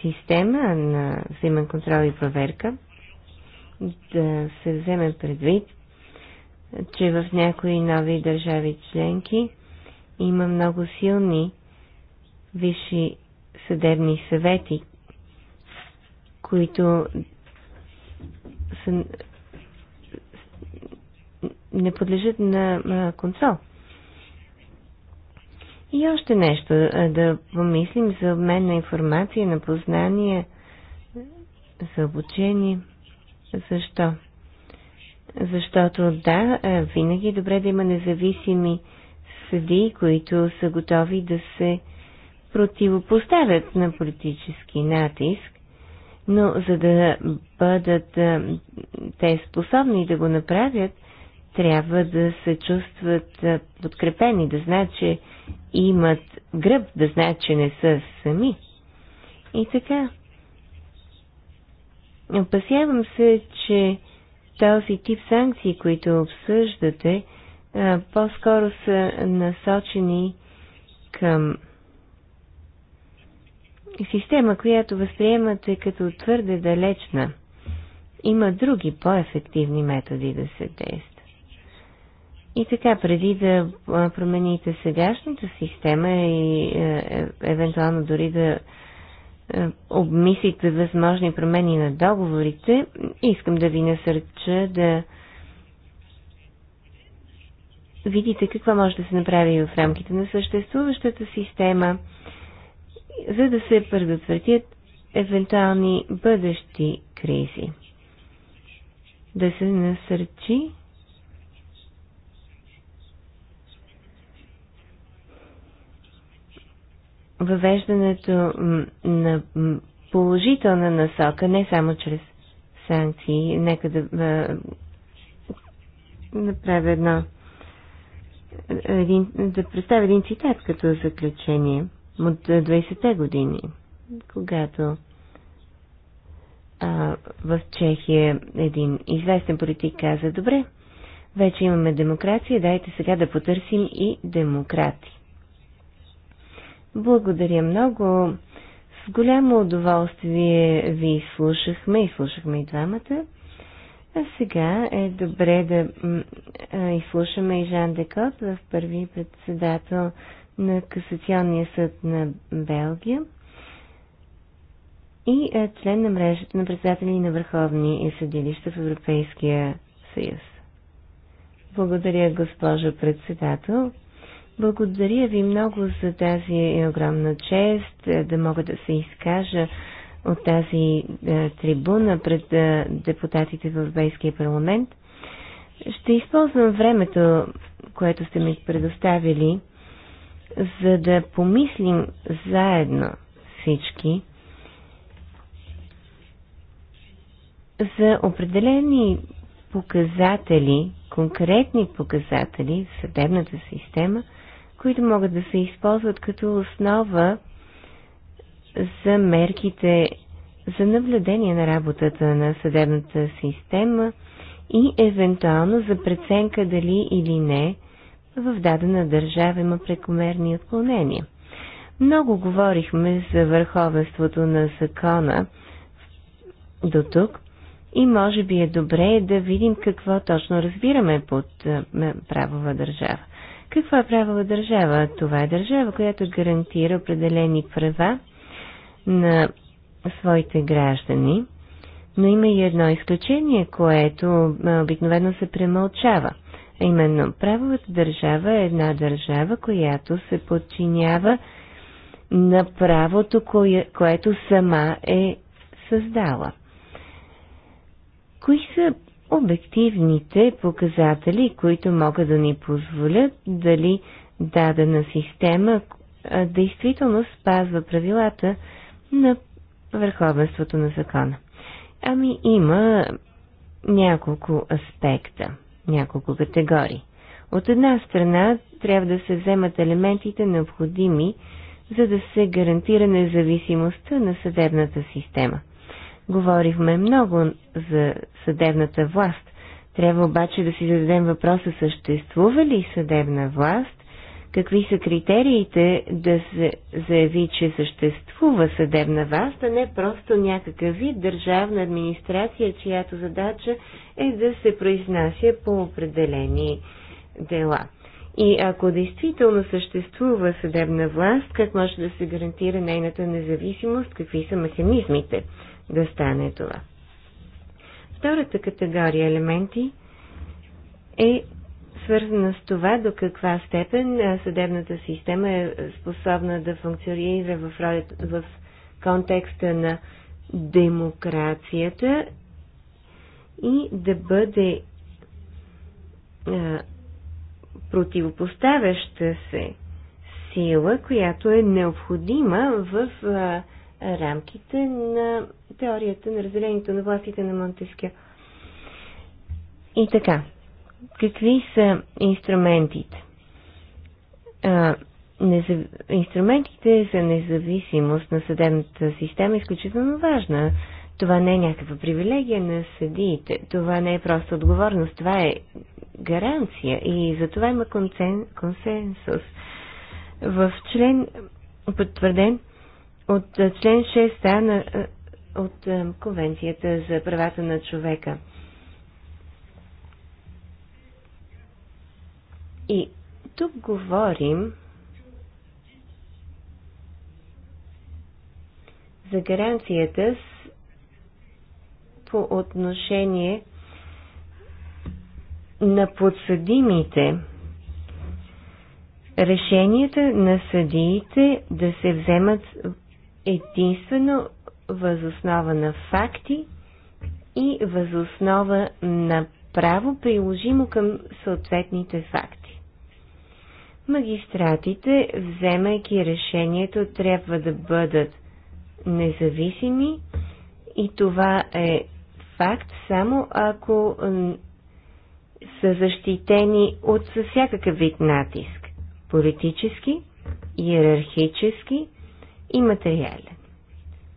система на взаимен контрол и проверка, да се вземе предвид, че в някои нови държави членки има много силни висши съдебни съвети, които са, не подлежат на контрол. И още нещо, да помислим за обмен на информация, на познание, за обучение. Защо? Защото да, винаги е добре да има независими съдии, които са готови да се противопоставят на политически натиск, но за да бъдат те способни да го направят, трябва да се чувстват подкрепени, да знаят, че имат гръб, да знаят, че не са сами. И така. Опасявам се, че този тип санкции, които обсъждате, по-скоро са насочени към система, която възприемате като твърде далечна. Има други по-ефективни методи да се действа. И така, преди да промените сегашната система и е, е, евентуално дори да е, обмислите възможни промени на договорите, искам да ви насърча да видите какво може да се направи в рамките на съществуващата система – за да се предотвратят евентуални бъдещи кризи. Да се насърчи въвеждането на положителна насока, не само чрез санкции. Нека да а, направя едно, един, да представя един цитат като заключение – от 20-те години, когато а, в Чехия един известен политик каза, добре, вече имаме демокрация, дайте сега да потърсим и демократи. Благодаря много. С голямо удоволствие ви слушахме и слушахме и двамата. А сега е добре да изслушаме и Жан Декот в първи председател на Касационния съд на Белгия и е, член на мрежата на председатели на върховни съдилища в Европейския съюз. Благодаря, госпожо председател. Благодаря ви много за тази огромна чест е, да мога да се изкажа от тази е, трибуна пред депутатите в Европейския парламент. Ще използвам времето, което сте ми предоставили за да помислим заедно всички за определени показатели, конкретни показатели в съдебната система, които могат да се използват като основа за мерките за наблюдение на работата на съдебната система и евентуално за преценка дали или не в дадена държава има прекомерни отклонения. Много говорихме за върховенството на закона до тук и може би е добре да видим какво точно разбираме под е, правова държава. Каква е правова държава? Това е държава, която гарантира определени права на своите граждани, но има и едно изключение, което е, обикновено се премълчава. Именно правовата държава е една държава, която се подчинява на правото, кое, което сама е създала. Кои са обективните показатели, които могат да ни позволят дали дадена система действително спазва правилата на върховенството на закона? Ами има няколко аспекта няколко категории. От една страна трябва да се вземат елементите необходими, за да се гарантира независимостта на съдебната система. Говорихме много за съдебната власт. Трябва обаче да си зададем въпроса съществува ли съдебна власт какви са критериите да се заяви, че съществува съдебна власт, а не просто някакъв вид държавна администрация, чиято задача е да се произнася по определени дела. И ако действително съществува съдебна власт, как може да се гарантира нейната независимост, какви са механизмите да стане това? Втората категория елементи е свързана с това до каква степен съдебната система е способна да функционира в, роля, в контекста на демокрацията и да бъде а, противопоставяща се сила, която е необходима в а, рамките на теорията на разделението на властите на Монтескио. И така, какви са инструментите? А, незав... Инструментите за независимост на съдебната система е изключително важна. Това не е някаква привилегия на съдиите. Това не е просто отговорност. Това е гаранция. И за това има консен... консенсус. В член, потвърден от член 6 на, от Конвенцията за правата на човека – И тук говорим за гаранцията с, по отношение на подсъдимите решенията на съдиите да се вземат единствено възоснова на факти и възоснова на право, приложимо към съответните факти. Магистратите, вземайки решението, трябва да бъдат независими и това е факт само ако са защитени от всякакъв вид натиск – политически, иерархически и материален.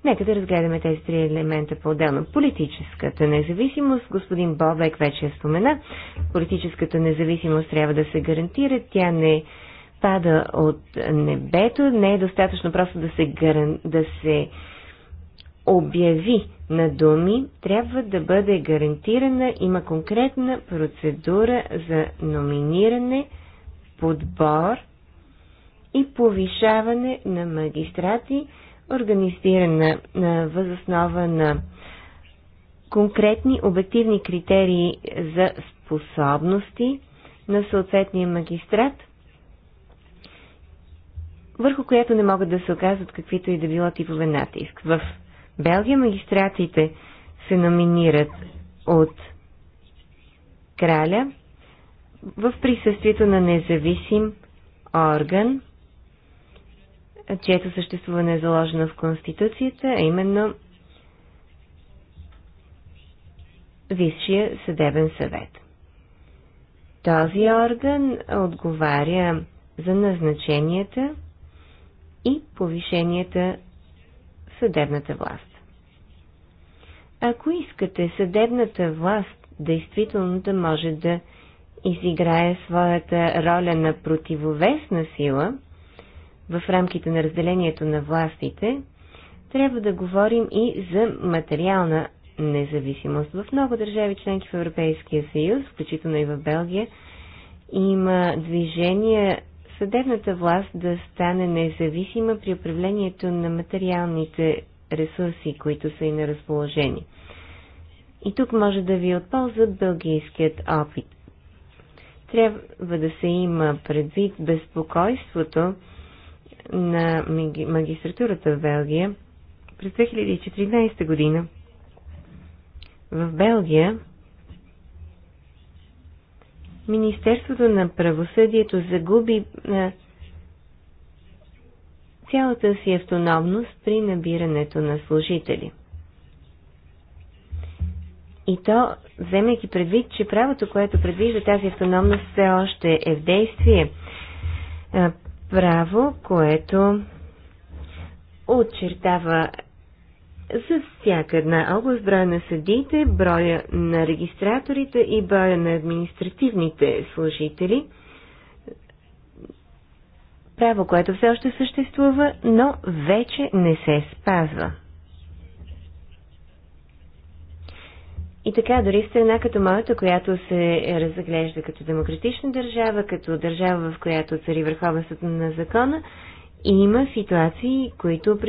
Нека да разгледаме тези три елемента по-отделно. Политическата независимост, господин Бобек вече е спомена, политическата независимост трябва да се гарантира, тя не пада от небето, не е достатъчно просто да се, гаран... да се обяви на думи, трябва да бъде гарантирана, има конкретна процедура за номиниране, подбор и повишаване на магистрати, организирана възоснова на конкретни обективни критерии за способности на съответния магистрат, върху която не могат да се оказват каквито и да било типове натиск. В Белгия магистратите се номинират от краля в присъствието на независим орган – чието съществуване е заложено в Конституцията, а именно Висшия съдебен съвет. Този орган отговаря за назначенията и повишенията в съдебната власт. Ако искате съдебната власт действително да може да изиграе своята роля на противовесна сила, в рамките на разделението на властите, трябва да говорим и за материална независимост. В много държави членки в Европейския съюз, включително и в Белгия, има движение съдебната власт да стане независима при управлението на материалните ресурси, които са и на разположение. И тук може да ви отползва бългийският опит. Трябва да се има предвид безпокойството на магистратурата в Белгия, през 2014 година в Белгия Министерството на правосъдието загуби а, цялата си автономност при набирането на служители. И то, вземайки предвид, че правото, което предвижда тази автономност, все още е в действие право, което очертава за всяка една област броя на съдиите, броя на регистраторите и броя на административните служители. Право, което все още съществува, но вече не се спазва. И така, дори в страна като моята, която се разглежда като демократична държава, като държава, в която цари върховенството на закона, има ситуации, които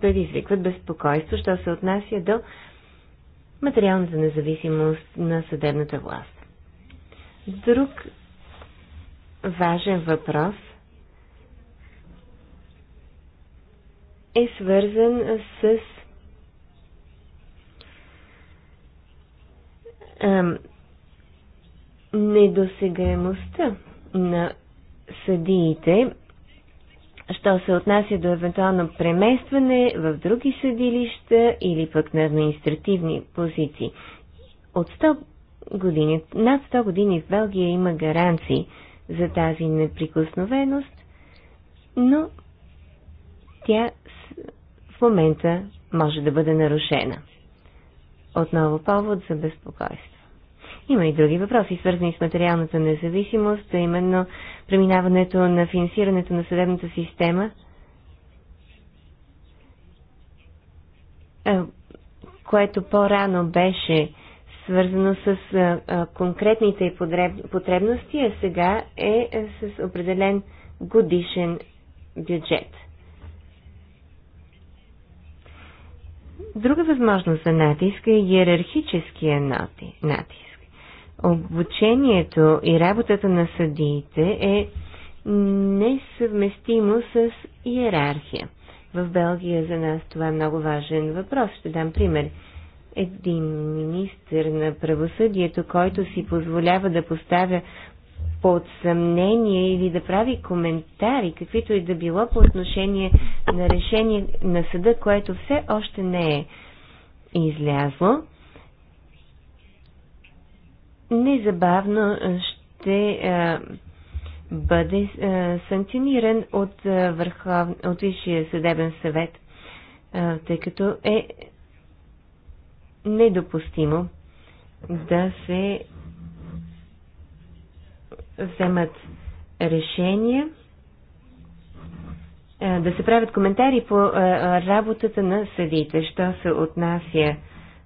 предизвикват безпокойство, що се отнася до материалната независимост на съдебната власт. Друг важен въпрос е свързан с недосегаемостта на съдиите, що се отнася до евентуално преместване в други съдилища или пък на административни позиции. От 100 години, над 100 години в Белгия има гаранции за тази неприкосновеност, но тя в момента може да бъде нарушена. Отново повод за безпокойство. Има и други въпроси, свързани с материалната независимост, а именно преминаването на финансирането на съдебната система, което по-рано беше свързано с конкретните потребности, а сега е, е с определен годишен бюджет. Друга възможност за натиск е иерархическия натиск обучението и работата на съдиите е несъвместимо с иерархия. В Белгия за нас това е много важен въпрос. Ще дам пример. Един министр на правосъдието, който си позволява да поставя под съмнение или да прави коментари, каквито и да било по отношение на решение на съда, което все още не е излязло, незабавно ще е, бъде е, санкциониран от, е, върхов, от Висшия съдебен съвет, тъй като е недопустимо да се вземат решения, да се правят коментари по работата на съдите. Що се отнася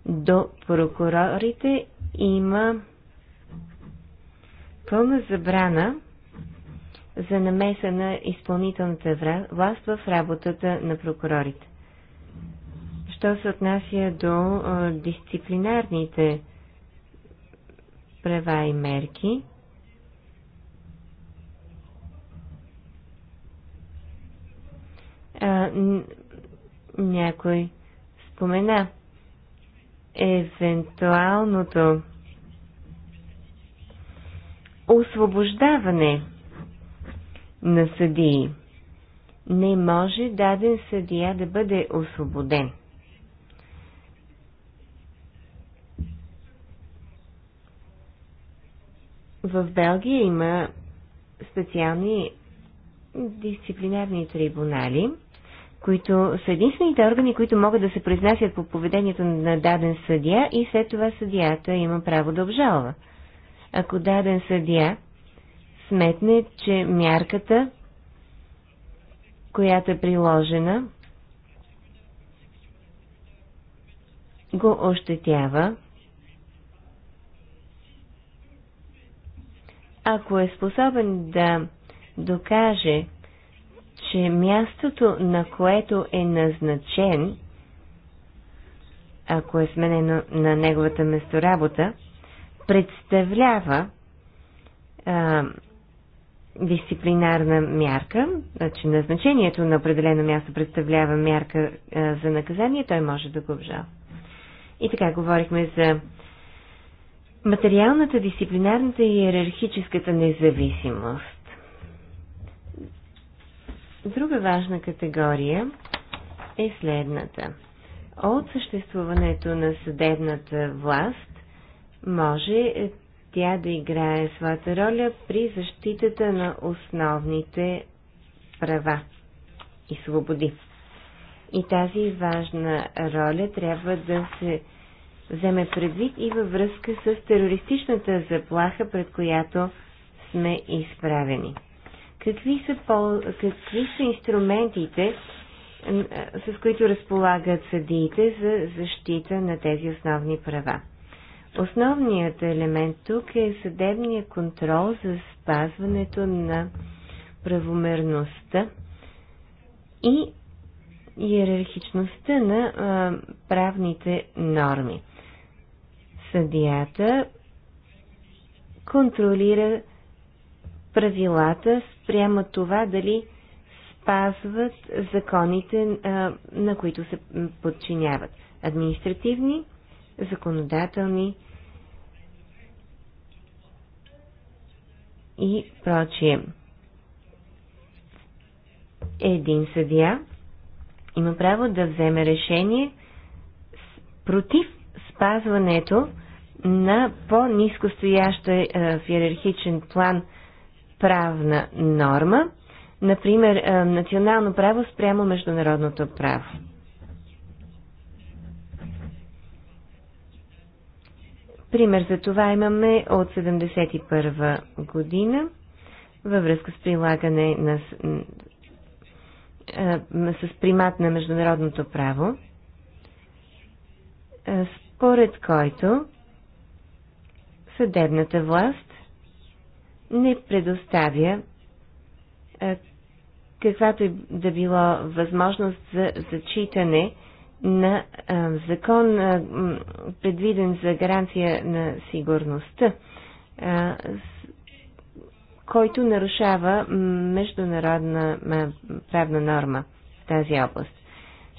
до прокурорите, има пълна забрана за намеса на изпълнителната власт в работата на прокурорите. Що се отнася до дисциплинарните права и мерки, а, някой спомена евентуалното освобождаване на съдии. Не може даден съдия да бъде освободен. В Белгия има специални дисциплинарни трибунали, които са единствените органи, които могат да се произнасят по поведението на даден съдия и след това съдията има право да обжалва ако даден съдия сметне, че мярката, която е приложена, го ощетява, ако е способен да докаже, че мястото, на което е назначен, ако е сменено на неговата месторабота, представлява а, дисциплинарна мярка, значи назначението на определено място представлява мярка а, за наказание, той може да го обжава. И така говорихме за материалната, дисциплинарната и иерархическата независимост. Друга важна категория е следната. От съществуването на съдебната власт може тя да играе своята роля при защитата на основните права и свободи. И тази важна роля трябва да се вземе предвид и във връзка с терористичната заплаха, пред която сме изправени. Какви са, пол... какви са инструментите, с които разполагат съдиите за защита на тези основни права? Основният елемент тук е съдебния контрол за спазването на правомерността и иерархичността на а, правните норми. Съдията контролира правилата спрямо това дали спазват законите, а, на които се подчиняват. Административни, законодателни и прочие. Един съдия има право да вземе решение против спазването на по-низко стояща е, в иерархичен план правна норма, например е, национално право спрямо международното право. Пример за това имаме от 1971 година във връзка с прилагане на, с примат на международното право, според който съдебната власт не предоставя каквато и да било възможност за зачитане на а, закон, а, предвиден за гаранция на сигурността, а, с, който нарушава международна а, правна норма в тази област.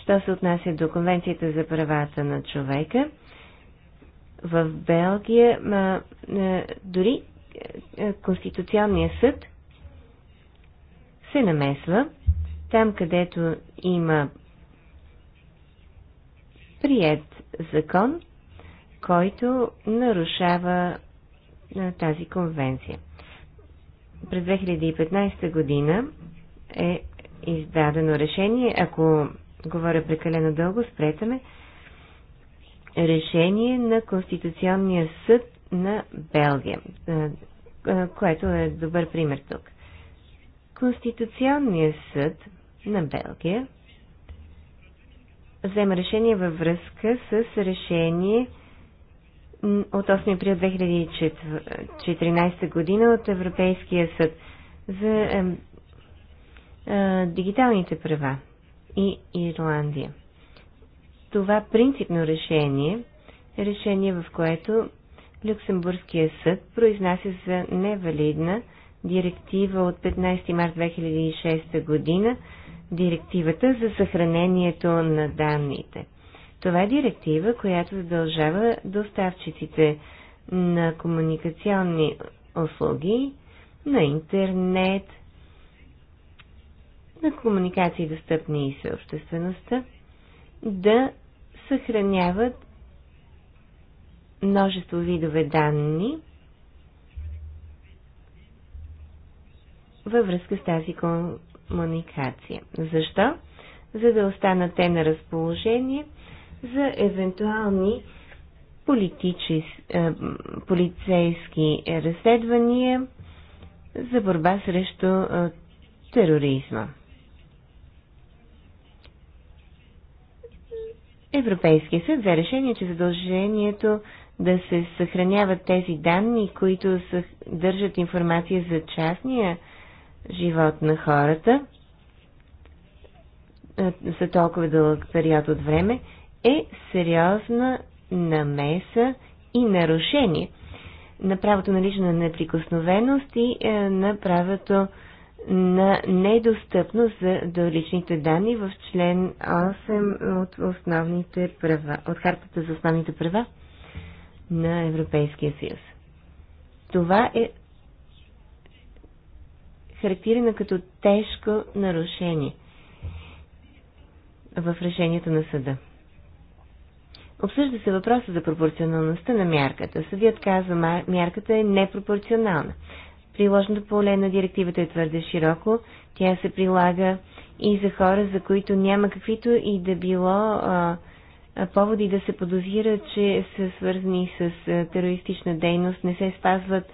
Що се отнася до Конвенцията за правата на човека, в Белгия а, а, дори а, Конституционният съд се намесва там, където има прият закон, който нарушава тази конвенция. През 2015 година е издадено решение, ако говоря прекалено дълго, спретаме, решение на Конституционния съд на Белгия, което е добър пример тук. Конституционният съд на Белгия взема решение във връзка с решение от 8 април 2014 година от Европейския съд за е, е, дигиталните права и Ирландия. Това принципно решение е решение, в което Люксембургския съд произнася за невалидна директива от 15 март 2006 година директивата за съхранението на данните. Това е директива, която задължава доставчиците на комуникационни услуги, на интернет, на комуникации достъпни и съобществеността, да съхраняват множество видове данни във връзка с тази комуникация. Защо? За да останат те на разположение за евентуални политичес, полицейски разследвания за борба срещу е, тероризма. Европейския съд за решение, че задължението да се съхраняват тези данни, които съдържат информация за частния живот на хората е, за толкова дълъг период от време е сериозна намеса и нарушение на правото на лична неприкосновеност и е, на правото на недостъпност за, до личните данни в член 8 от, основните права, от Хартата за основните права на Европейския съюз. Това е характерирана като тежко нарушение в решението на съда. Обсъжда се въпроса за пропорционалността на мярката. Съдият казва, мярката е непропорционална. Приложното поле на директивата е твърде широко. Тя се прилага и за хора, за които няма каквито и да било а, поводи да се подозира, че са свързани с терористична дейност, не се спазват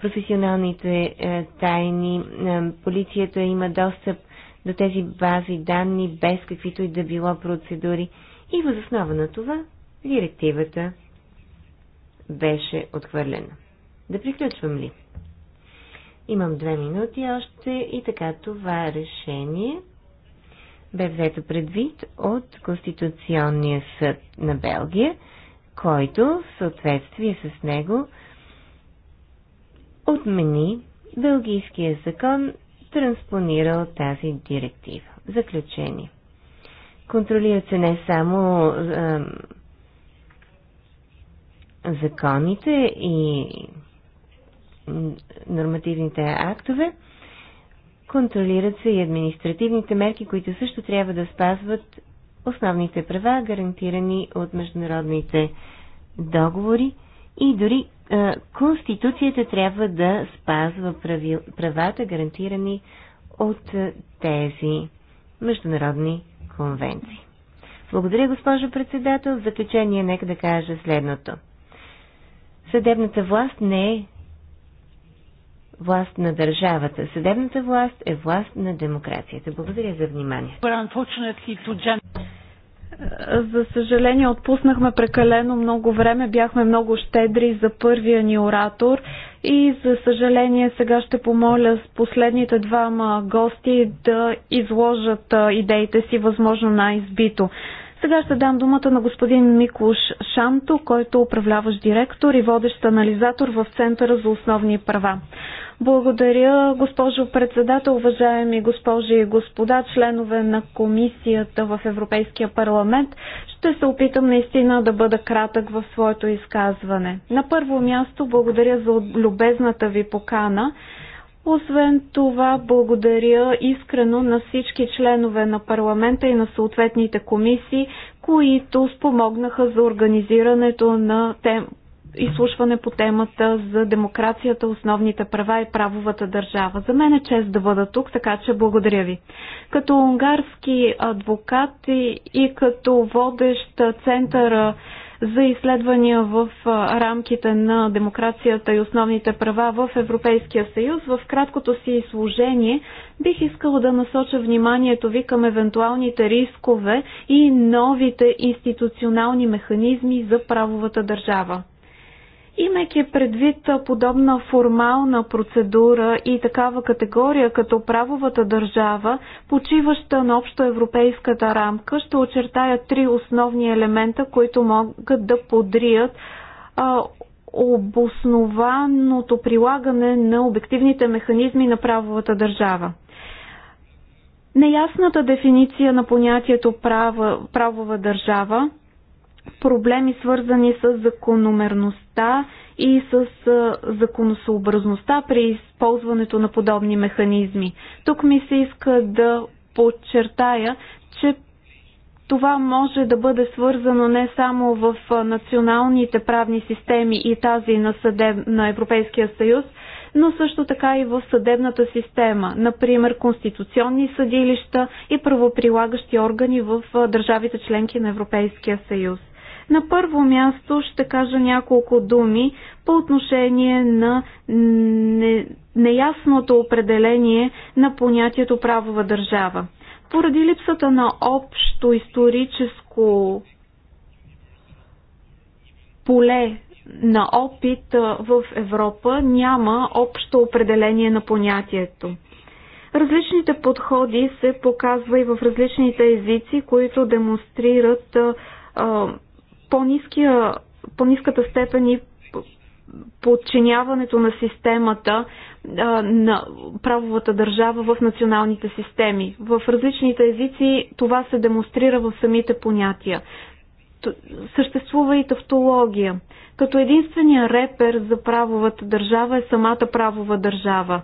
професионалните е, тайни. Е, полицията има достъп до тези бази данни без каквито и да било процедури. И възоснова на това директивата беше отхвърлена. Да приключвам ли? Имам две минути още и така това решение бе взето предвид от Конституционния съд на Белгия, който в съответствие с него отмени белгийския закон, транспонирал тази директива. Заключение. Контролират се не само е, законите и нормативните актове, контролират се и административните мерки, които също трябва да спазват основните права, гарантирани от международните договори и дори а, Конституцията трябва да спазва правил, правата, гарантирани от а, тези международни конвенции. Благодаря, госпожо председател. В заключение нека да кажа следното. Съдебната власт не е власт на държавата. Съдебната власт е власт на демокрацията. Благодаря за вниманието. За съжаление, отпуснахме прекалено много време, бяхме много щедри за първия ни оратор и за съжаление сега ще помоля с последните двама гости да изложат идеите си възможно най-избито. Сега ще дам думата на господин Миклуш Шамто, който е управляващ директор и водещ анализатор в Центъра за основни права. Благодаря, госпожо председател, уважаеми госпожи и господа, членове на комисията в Европейския парламент. Ще се опитам наистина да бъда кратък в своето изказване. На първо място благодаря за любезната ви покана. Освен това, благодаря искрено на всички членове на парламента и на съответните комисии, които спомогнаха за организирането на тем, изслушване по темата за демокрацията, основните права и правовата държава. За мен е чест да бъда тук, така че благодаря ви. Като унгарски адвокат и, и като водещ центъра за изследвания в рамките на демокрацията и основните права в Европейския съюз. В краткото си изложение бих искала да насоча вниманието ви към евентуалните рискове и новите институционални механизми за правовата държава. Имайки предвид подобна формална процедура и такава категория като правовата държава, почиваща на общоевропейската рамка, ще очертая три основни елемента, които могат да подрият обоснованото прилагане на обективните механизми на правовата държава. Неясната дефиниция на понятието право, правова държава проблеми свързани с закономерността и с законосъобразността при използването на подобни механизми. Тук ми се иска да подчертая, че това може да бъде свързано не само в националните правни системи и тази на, съдеб... на Европейския съюз, но също така и в съдебната система, например конституционни съдилища и правоприлагащи органи в държавите членки на Европейския съюз. На първо място ще кажа няколко думи по отношение на не, неясното определение на понятието правова държава. Поради липсата на общо историческо поле на опит в Европа няма общо определение на понятието. Различните подходи се показва и в различните езици, които демонстрират а, по-низкия, по-низката степен и подчиняването на системата на правовата държава в националните системи. В различните езици това се демонстрира в самите понятия. Съществува и тавтология. Като единствения репер за правовата държава е самата правова държава.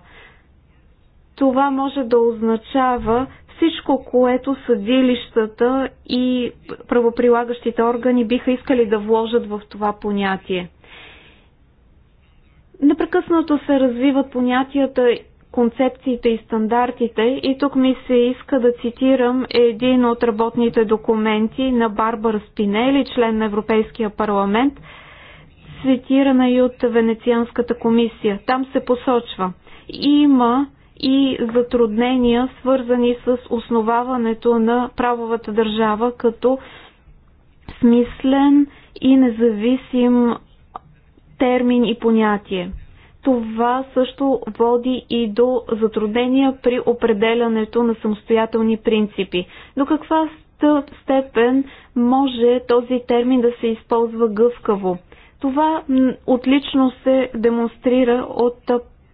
Това може да означава, всичко, което съдилищата и правоприлагащите органи биха искали да вложат в това понятие. Непрекъснато се развиват понятията, концепциите и стандартите и тук ми се иска да цитирам един от работните документи на Барбара Спинели, член на Европейския парламент, цитирана и от Венецианската комисия. Там се посочва. Има и затруднения, свързани с основаването на правовата държава като смислен и независим термин и понятие. Това също води и до затруднения при определянето на самостоятелни принципи. До каква степен може този термин да се използва гъвкаво? Това отлично се демонстрира от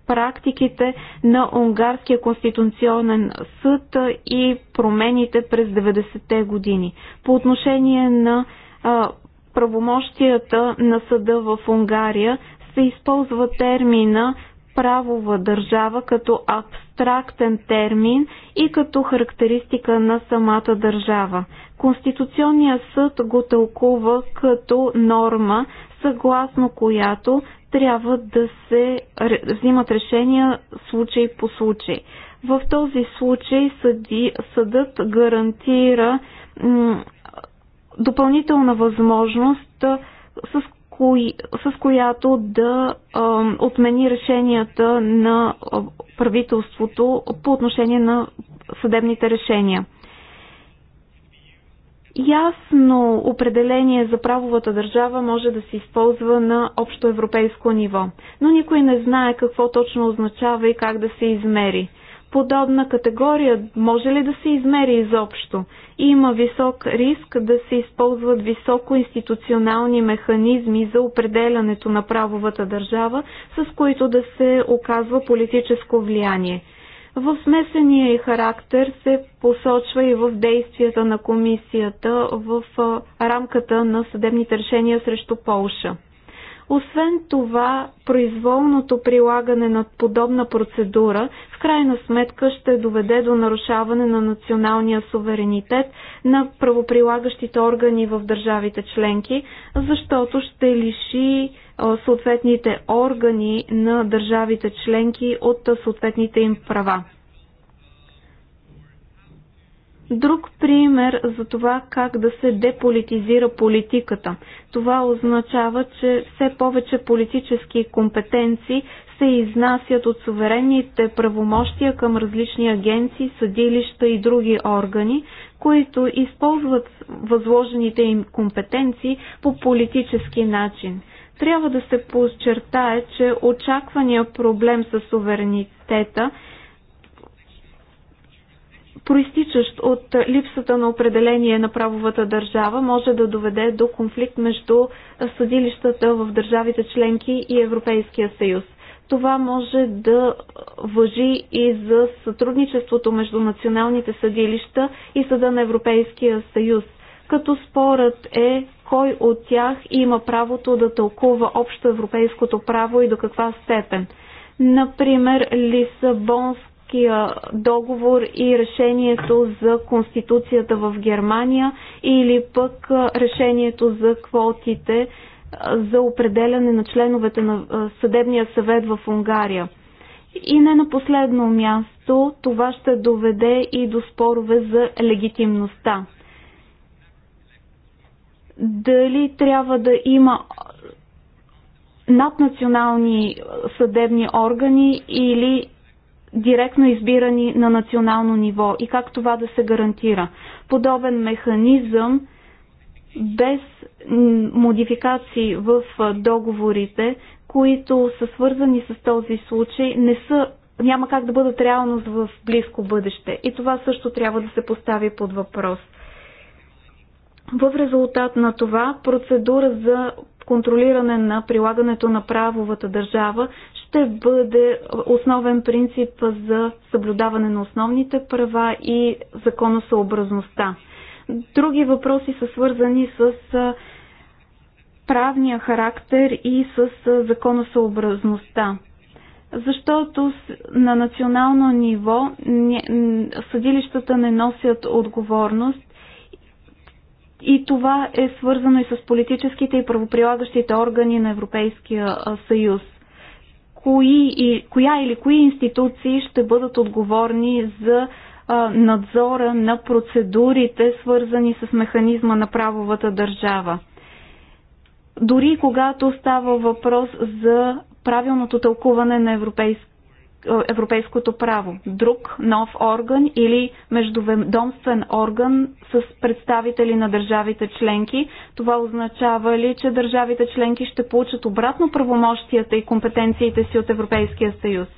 практиките на Унгарския конституционен съд и промените през 90-те години. По отношение на правомощията на съда в Унгария се използва термина правова държава като абстрактен термин и като характеристика на самата държава. Конституционният съд го тълкува като норма, съгласно която трябва да се взимат решения случай по случай. В този случай съди, съдът гарантира допълнителна възможност с кои, с която да а, отмени решенията на правителството по отношение на съдебните решения ясно определение за правовата държава може да се използва на общо европейско ниво, но никой не знае какво точно означава и как да се измери. Подобна категория може ли да се измери изобщо? Има висок риск да се използват високо институционални механизми за определянето на правовата държава, с които да се оказва политическо влияние. В смесения характер се посочва и в действията на комисията в рамката на съдебните решения срещу Полша. Освен това, произволното прилагане на подобна процедура в крайна сметка ще доведе до нарушаване на националния суверенитет на правоприлагащите органи в държавите членки, защото ще лиши съответните органи на държавите членки от съответните им права. Друг пример за това как да се деполитизира политиката. Това означава, че все повече политически компетенции се изнасят от суверенните правомощия към различни агенции, съдилища и други органи, които използват възложените им компетенции по политически начин. Трябва да се подчертае, че очаквания проблем с суверенитета проистичащ от липсата на определение на правовата държава, може да доведе до конфликт между съдилищата в държавите членки и Европейския съюз. Това може да въжи и за сътрудничеството между националните съдилища и Съда на Европейския съюз, като спорът е кой от тях има правото да тълкува общо европейското право и до каква степен. Например, Лисабонския договор и решението за конституцията в Германия или пък решението за квотите за определяне на членовете на съдебния съвет в Унгария. И не на последно място, това ще доведе и до спорове за легитимността дали трябва да има наднационални съдебни органи или директно избирани на национално ниво и как това да се гарантира. Подобен механизъм без модификации в договорите, които са свързани с този случай, не са, няма как да бъдат реалност в близко бъдеще. И това също трябва да се постави под въпрос. В резултат на това процедура за контролиране на прилагането на правовата държава ще бъде основен принцип за съблюдаване на основните права и законосъобразността. Други въпроси са свързани с правния характер и с законосъобразността. Защото на национално ниво съдилищата не носят отговорност и това е свързано и с политическите и правоприлагащите органи на Европейския съюз. Кои и, коя или кои институции ще бъдат отговорни за а, надзора на процедурите, свързани с механизма на правовата държава? Дори когато става въпрос за правилното тълкуване на, европейски европейското право. Друг нов орган или междуведомствен орган с представители на държавите членки. Това означава ли, че държавите членки ще получат обратно правомощията и компетенциите си от Европейския съюз?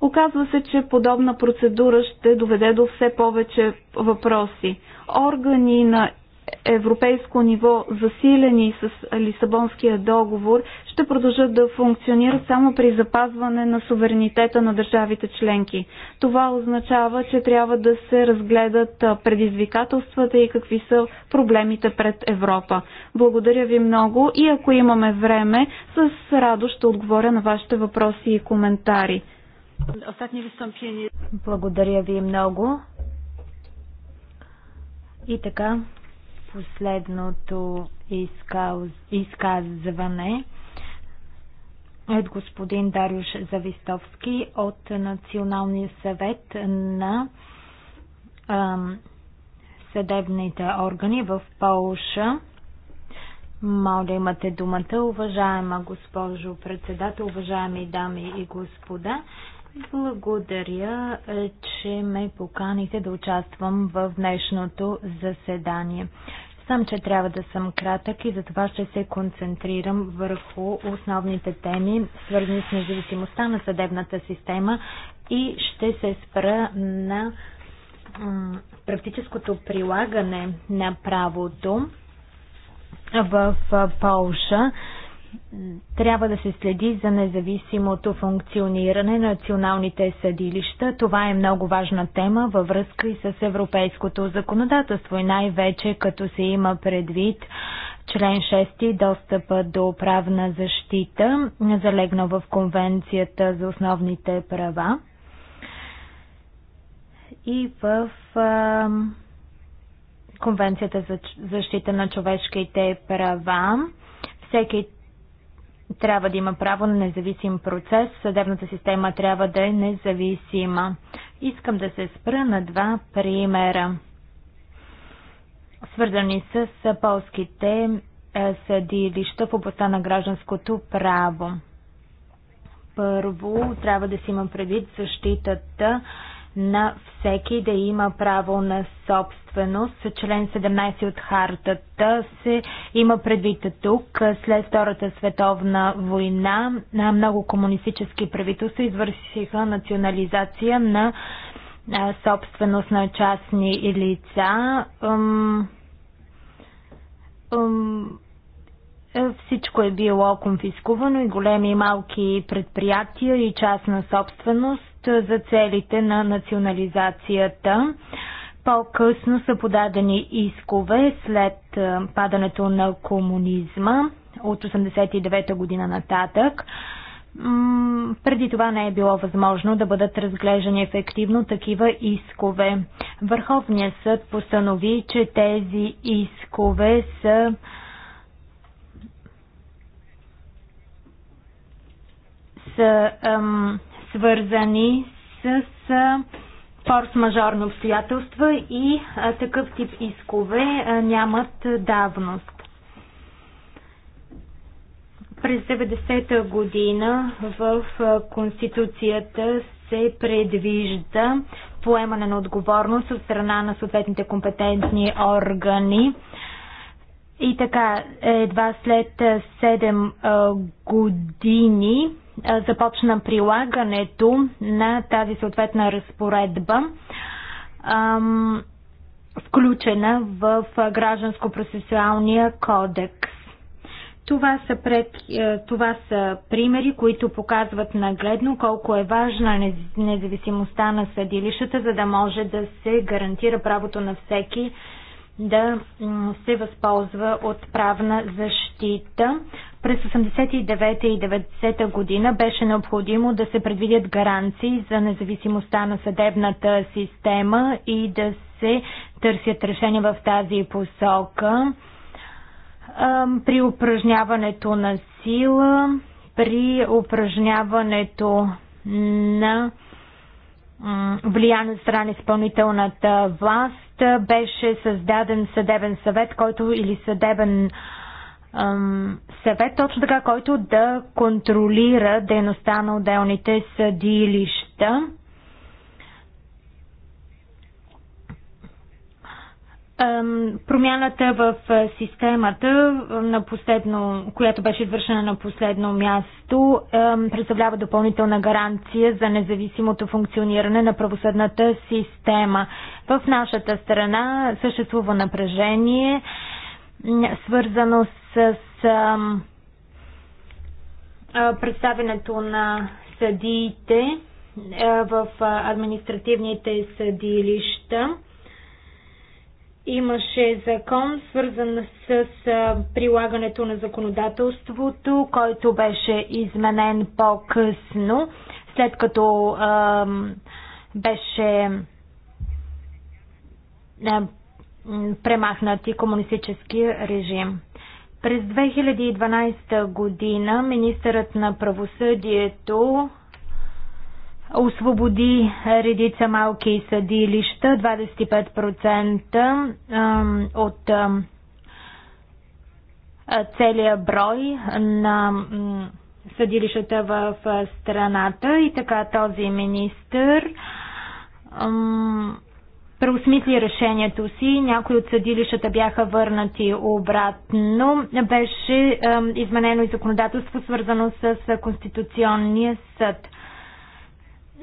Оказва се, че подобна процедура ще доведе до все повече въпроси. Органи на европейско ниво, засилени с Лисабонския договор, ще продължат да функционират само при запазване на суверенитета на държавите членки. Това означава, че трябва да се разгледат предизвикателствата и какви са проблемите пред Европа. Благодаря ви много и ако имаме време, с радост ще отговоря на вашите въпроси и коментари. Благодаря ви много. И така, последното изказване от господин Дарюш Завистовски от Националния съвет на ам, съдебните органи в Полша. Моля, имате думата, уважаема госпожо председател, уважаеми дами и господа. Благодаря, е, че ме поканите да участвам в днешното заседание. Сам, че трябва да съм кратък и затова ще се концентрирам върху основните теми, свързани с независимостта на съдебната система и ще се спра на практическото прилагане на правото в Полша трябва да се следи за независимото функциониране на националните съдилища. Това е много важна тема във връзка и с европейското законодателство и най-вече като се има предвид член 6 достъпа до правна защита, залегнал в Конвенцията за основните права и в а, Конвенцията за защита на човешките права. Всеки трябва да има право на независим процес, съдебната система трябва да е независима. Искам да се спра на два примера, свързани с полските съдилища в областта на гражданското право. Първо, трябва да си има предвид защитата на всеки да има право на собственост. Член 17 от хартата се има предвид тук. След Втората световна война на много комунистически правителства извършиха национализация на собственост на частни лица. Всичко е било конфискувано и големи и малки предприятия и частна собственост за целите на национализацията. По-късно са подадени искове след падането на комунизма от 1989 година нататък. Преди това не е било възможно да бъдат разглеждани ефективно такива искове. Върховният съд постанови, че тези искове са са ам, свързани с форс-мажорни обстоятелства и такъв тип искове нямат давност. През 90-та година в Конституцията се предвижда поемане на отговорност от страна на съответните компетентни органи. И така, едва след 7 години започна прилагането на тази съответна разпоредба, включена в Гражданско-процесуалния кодекс. Това са, пред, това са примери, които показват нагледно колко е важна независимостта на съдилищата, за да може да се гарантира правото на всеки да се възползва от правна защита. През 89 и 90 та година беше необходимо да се предвидят гаранции за независимостта на съдебната система и да се търсят решения в тази посока. При упражняването на сила, при упражняването на влияние от страна изпълнителната власт беше създаден съдебен съвет, който или съдебен съвет, точно така, който да контролира дейността на отделните съдилища. Промяната в системата, на последно, която беше извършена на последно място, представлява допълнителна гаранция за независимото функциониране на правосъдната система. В нашата страна съществува напрежение свързано с представенето на съдиите в административните съдилища. Имаше закон, свързан с прилагането на законодателството, който беше изменен по-късно, след като беше премахнати комунистически режим. През 2012 година министърът на правосъдието освободи редица малки съдилища, 25% от целия брой на съдилищата в страната и така този министър преосмисли решението си. Някои от съдилищата бяха върнати обратно. Беше е, изменено и законодателство, свързано с Конституционния съд.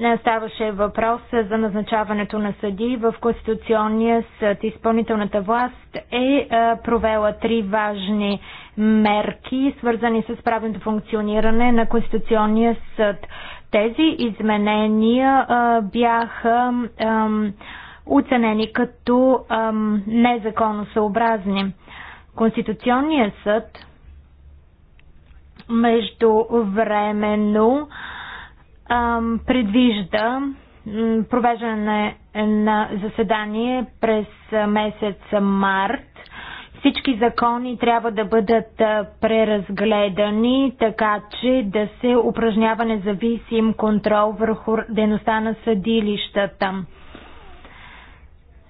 Е, ставаше въпрос за назначаването на съди в Конституционния съд. Изпълнителната власт е провела три важни мерки, свързани с правилното функциониране на Конституционния съд. Тези изменения бяха оценени като ам, незаконосъобразни. Конституционният съд междувременно ам, предвижда провеждане на заседание през месец март. Всички закони трябва да бъдат преразгледани, така че да се упражнява независим контрол върху дейността на съдилищата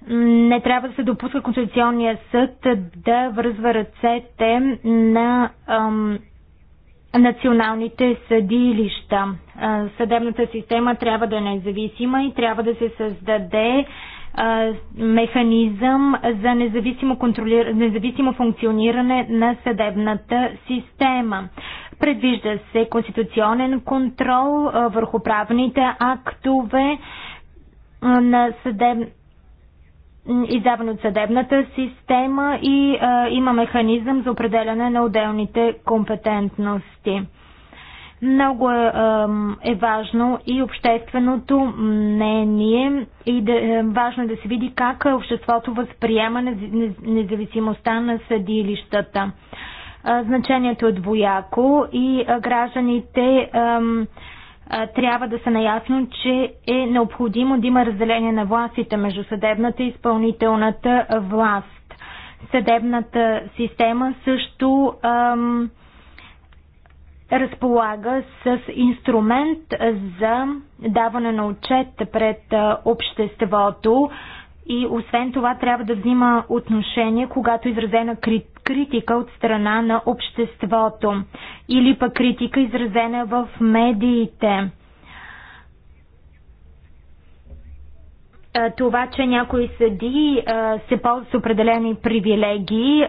не трябва да се допуска Конституционния съд да връзва ръцете на ам, националните съдилища. Съдебната система трябва да е независима и трябва да се създаде а, механизъм за независимо, контролир... независимо функциониране на съдебната система. Предвижда се конституционен контрол а, върху правните актове а, на съдебната издаван от съдебната система и а, има механизъм за определяне на отделните компетентности. Много е, е важно и общественото мнение и да, е важно е да се види как обществото възприема независимостта на съдилищата. Значението е двояко и гражданите е, трябва да са наясно, че е необходимо да има разделение на властите между съдебната и изпълнителната власт. Съдебната система също ам, разполага с инструмент за даване на отчет пред обществото и освен това трябва да взима отношение, когато изразена критика от страна на обществото или пък критика изразена в медиите. Това, че някои съди се ползват с определени привилегии,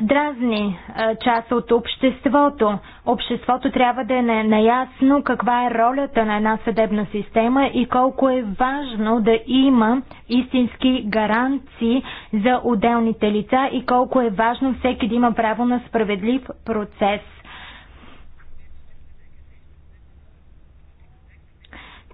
дразни част от обществото. Обществото трябва да е наясно каква е ролята на една съдебна система и колко е важно да има истински гаранции за отделните лица и колко е важно всеки да има право на справедлив процес.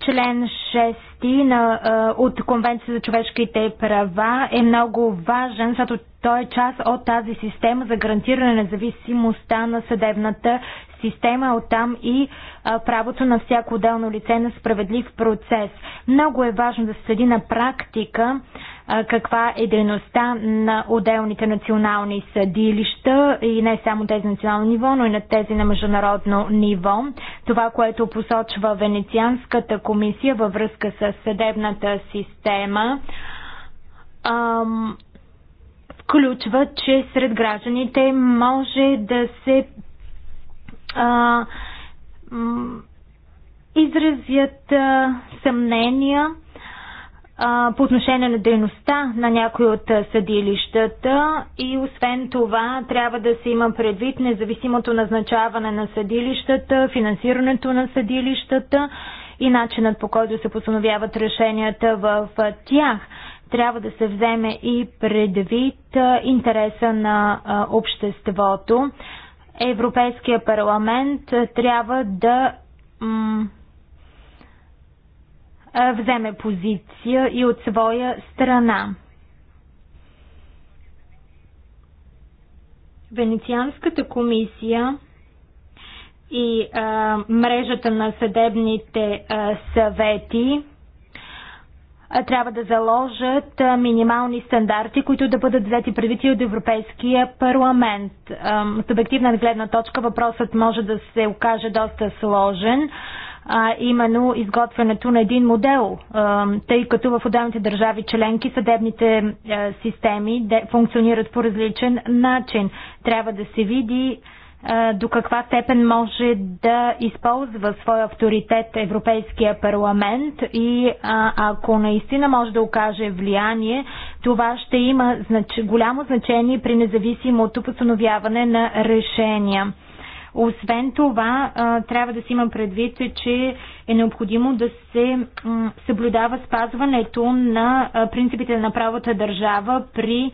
Член 6 части на, от Конвенция за човешките права е много важен, защото той е част от тази система за гарантиране на независимостта на съдебната система, от там и а, правото на всяко отделно лице на справедлив процес. Много е важно да се следи на практика каква е дейността на отделните национални съдилища и не само тези национално ниво, но и на тези на международно ниво. Това, което посочва Венецианската комисия във връзка с съдебната система, включва, че сред гражданите може да се а, изразят а, съмнения по отношение на дейността на някои от съдилищата и освен това трябва да се има предвид независимото назначаване на съдилищата, финансирането на съдилищата и начинът по който се постановяват решенията в тях. Трябва да се вземе и предвид интереса на обществото. Европейския парламент трябва да вземе позиция и от своя страна. Венецианската комисия и а, мрежата на съдебните а, съвети а, трябва да заложат а, минимални стандарти, които да бъдат взети предвид от Европейския парламент. А, субективна гледна точка въпросът може да се окаже доста сложен. А, а именно изготвянето на един модел, тъй като в отделните държави членки съдебните системи функционират по различен начин. Трябва да се види до каква степен може да използва своя авторитет Европейския парламент и а, ако наистина може да окаже влияние, това ще има значи, голямо значение при независимото постановяване на решения. Освен това, трябва да си има предвид, че е необходимо да се съблюдава спазването на принципите на правата държава при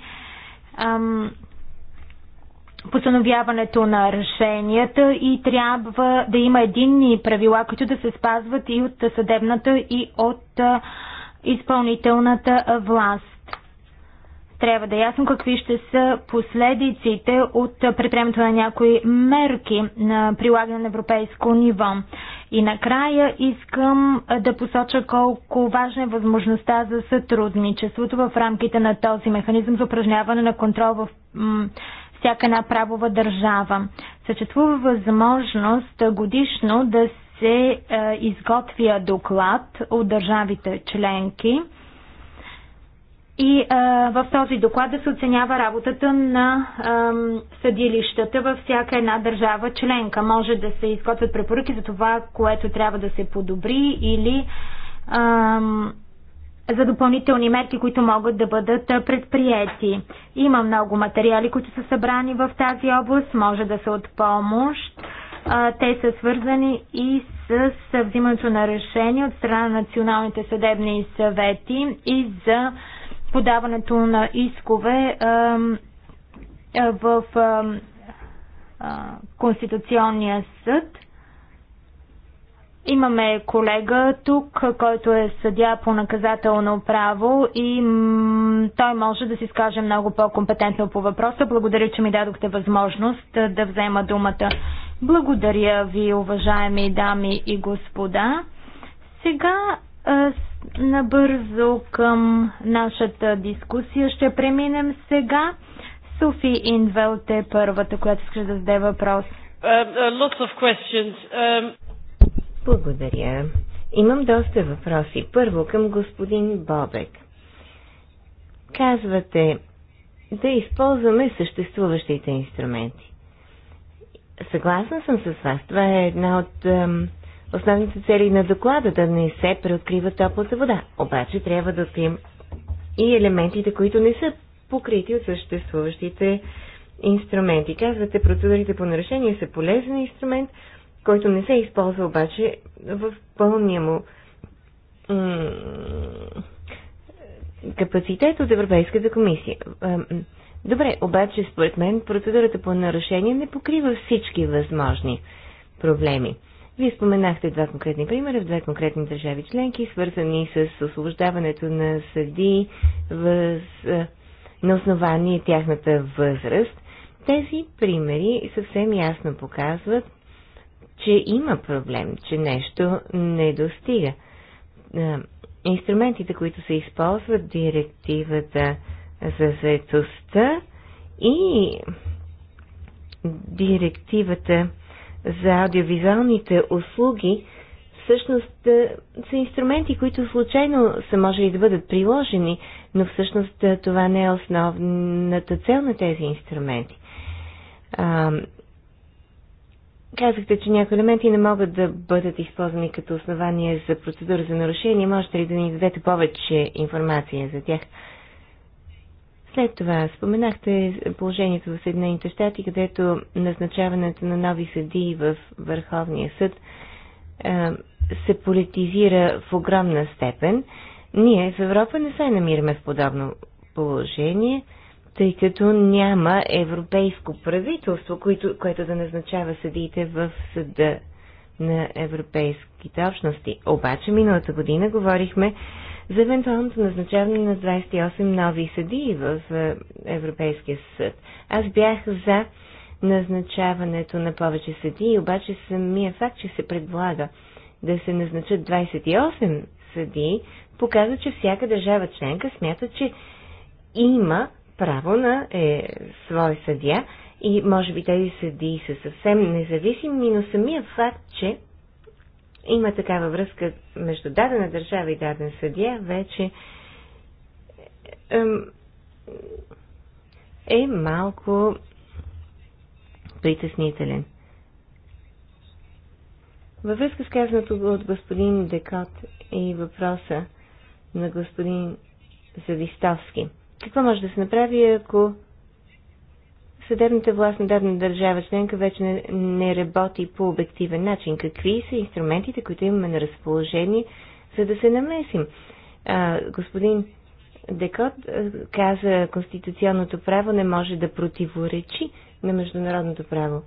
постановяването на решенията и трябва да има единни правила, които да се спазват и от съдебната и от изпълнителната власт. Трябва да е ясно какви ще са последиците от предприемането на някои мерки на прилагане на европейско ниво. И накрая искам да посоча колко важна е възможността за сътрудничеството в рамките на този механизъм за упражняване на контрол в всяка една правова държава. Съществува възможност годишно да се е, изготвя доклад от държавите членки и а, в този доклад да се оценява работата на а, съдилищата във всяка една държава членка. Може да се изготвят препоръки за това, което трябва да се подобри или а, за допълнителни мерки, които могат да бъдат предприяти. Има много материали, които са събрани в тази област, може да са от помощ. Те са свързани и с взимането на решение от страна на националните съдебни съвети и за подаването на искове в Конституционния съд. Имаме колега тук, който е съдя по наказателно право и той може да си скаже много по-компетентно по въпроса. Благодаря, че ми дадохте възможност да взема думата. Благодаря ви, уважаеми дами и господа. Сега набързо към нашата дискусия ще преминем сега. Софи Инвелт е първата, която иска да зададе въпрос. Uh, uh um... Благодаря. Имам доста въпроси. Първо към господин Бобек. Казвате да използваме съществуващите инструменти. Съгласна съм с вас. Това е една от ам, основните цели на доклада да не се преоткрива топлата вода. Обаче трябва да открием и елементите, които не са покрити от съществуващите инструменти. Казвате, процедурите по нарушение са полезен инструмент, който не се използва обаче в пълния му капацитет от Европейската комисия. Добре, обаче според мен процедурата по нарушение не покрива всички възможни проблеми. Вие споменахте два конкретни примера в две конкретни държави членки, свързани с освобождаването на съди въз, на основание тяхната възраст. Тези примери съвсем ясно показват, че има проблем, че нещо не достига. Инструментите, които се използват, директивата за заетостта и директивата за аудиовизуалните услуги всъщност е, са инструменти, които случайно са можели да бъдат приложени, но всъщност е, това не е основната цел на тези инструменти. А, казахте, че някои елементи не могат да бъдат използвани като основание за процедура за нарушение. Можете ли да ни дадете повече информация за тях? След това споменахте положението в Съединените щати, където назначаването на нови съдии в Върховния съд се политизира в огромна степен. Ние в Европа не се намираме в подобно положение, тъй като няма европейско правителство, което, което да назначава съдиите в съда на европейските общности. Обаче миналата година говорихме за евентуалното назначаване на 28 нови съдии в е, Европейския съд. Аз бях за назначаването на повече съдии, обаче самия факт, че се предлага да се назначат 28 съдии, показва, че всяка държава членка смята, че има право на е, свой съдия и може би тези съдии са съвсем независими, но самия факт, че има такава връзка между дадена държава и даден съдия, вече е малко притеснителен. Във връзка с казаното от господин Декот и въпроса на господин Завистовски. какво може да се направи, ако съдебната власт на дадена държава членка вече не, не работи по обективен начин. Какви са инструментите, които имаме на разположение, за да се намесим? А, господин Декот каза, конституционното право не може да противоречи на международното право.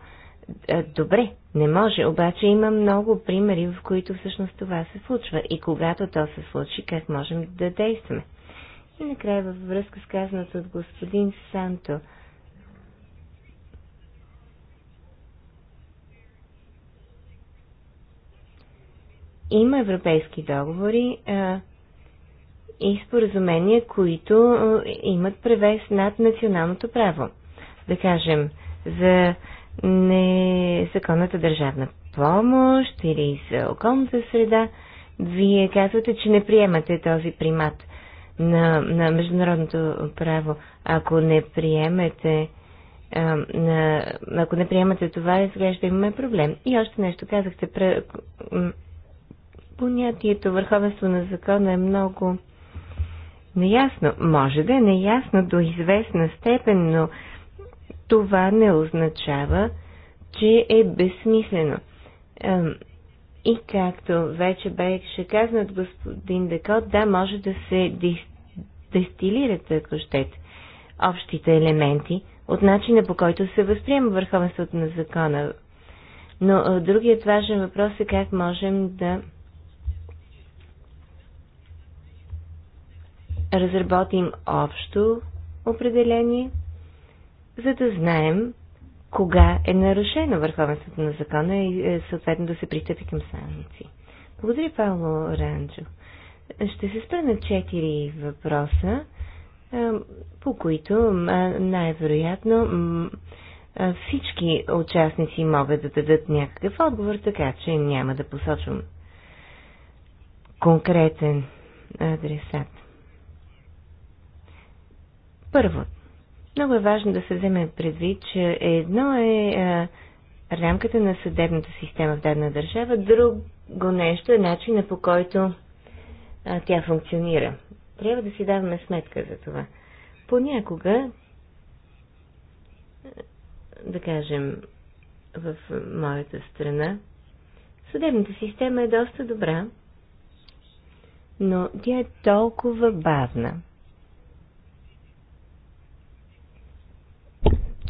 Добре, не може, обаче има много примери, в които всъщност това се случва. И когато то се случи, как можем да действаме? И накрая във връзка с казаното от господин Санто – Има европейски договори а, и споразумения, които а, имат превес над националното право. Да кажем, за незаконната държавна помощ или за околната среда, вие казвате, че не приемате този примат на, на международното право. Ако не приемете а, на, ако не приемате това, изглежда имаме проблем. И още нещо казахте. Пра, понятието върховенство на закона е много неясно. Може да е неясно до известна степен, но това не означава, че е безсмислено. И както вече беше казано от господин Декот, да, може да се дестилират, ако щете, общите елементи от начина по който се възприема върховенството на закона. Но другият важен въпрос е как можем да разработим общо определение, за да знаем кога е нарушено върховенството на закона и е, съответно да се пристъпи към санкции. Благодаря, Павло Ранджо. Ще се спра на четири въпроса, е, по които е, най-вероятно всички участници могат да дадат някакъв отговор, така че няма да посочвам конкретен адресат. Първо, много е важно да се вземе предвид, че едно е, е рамката на съдебната система в дадена държава, друго нещо е начина по който тя функционира. Трябва да си даваме сметка за това. Понякога, е, да кажем, в моята страна, съдебната система е доста добра, но тя е толкова бавна –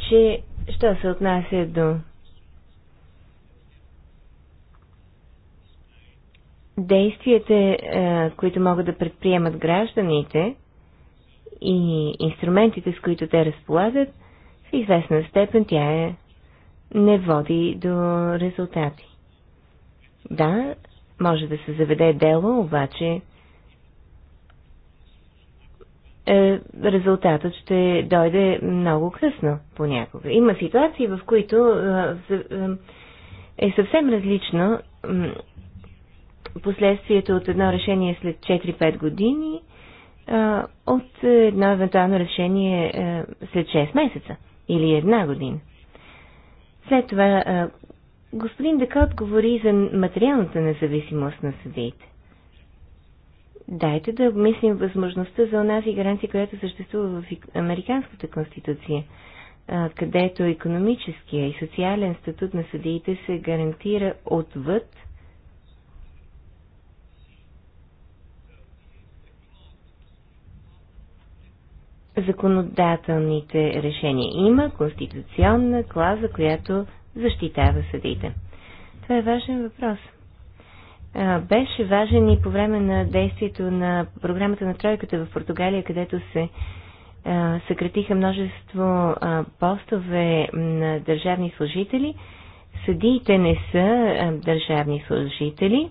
че, що се отнася до действията, е, които могат да предприемат гражданите и инструментите, с които те разполагат, в известна степен тя е, не води до резултати. Да, може да се заведе дело, обаче е, резултатът ще дойде много късно понякога. Има ситуации, в които е, е, е съвсем различно последствието от едно решение след 4-5 години е, от едно евентуално решение след 6 месеца или една година. След това господин Декот говори за материалната независимост на съдиите дайте да обмислим възможността за онази гаранция, която съществува в Американската конституция, където економическия и социален статут на съдиите се гарантира отвъд законодателните решения. Има конституционна клаза, която защитава съдиите. Това е важен въпрос – беше важен и по време на действието на програмата на тройката в Португалия, където се съкратиха множество постове на държавни служители. Съдиите не са държавни служители,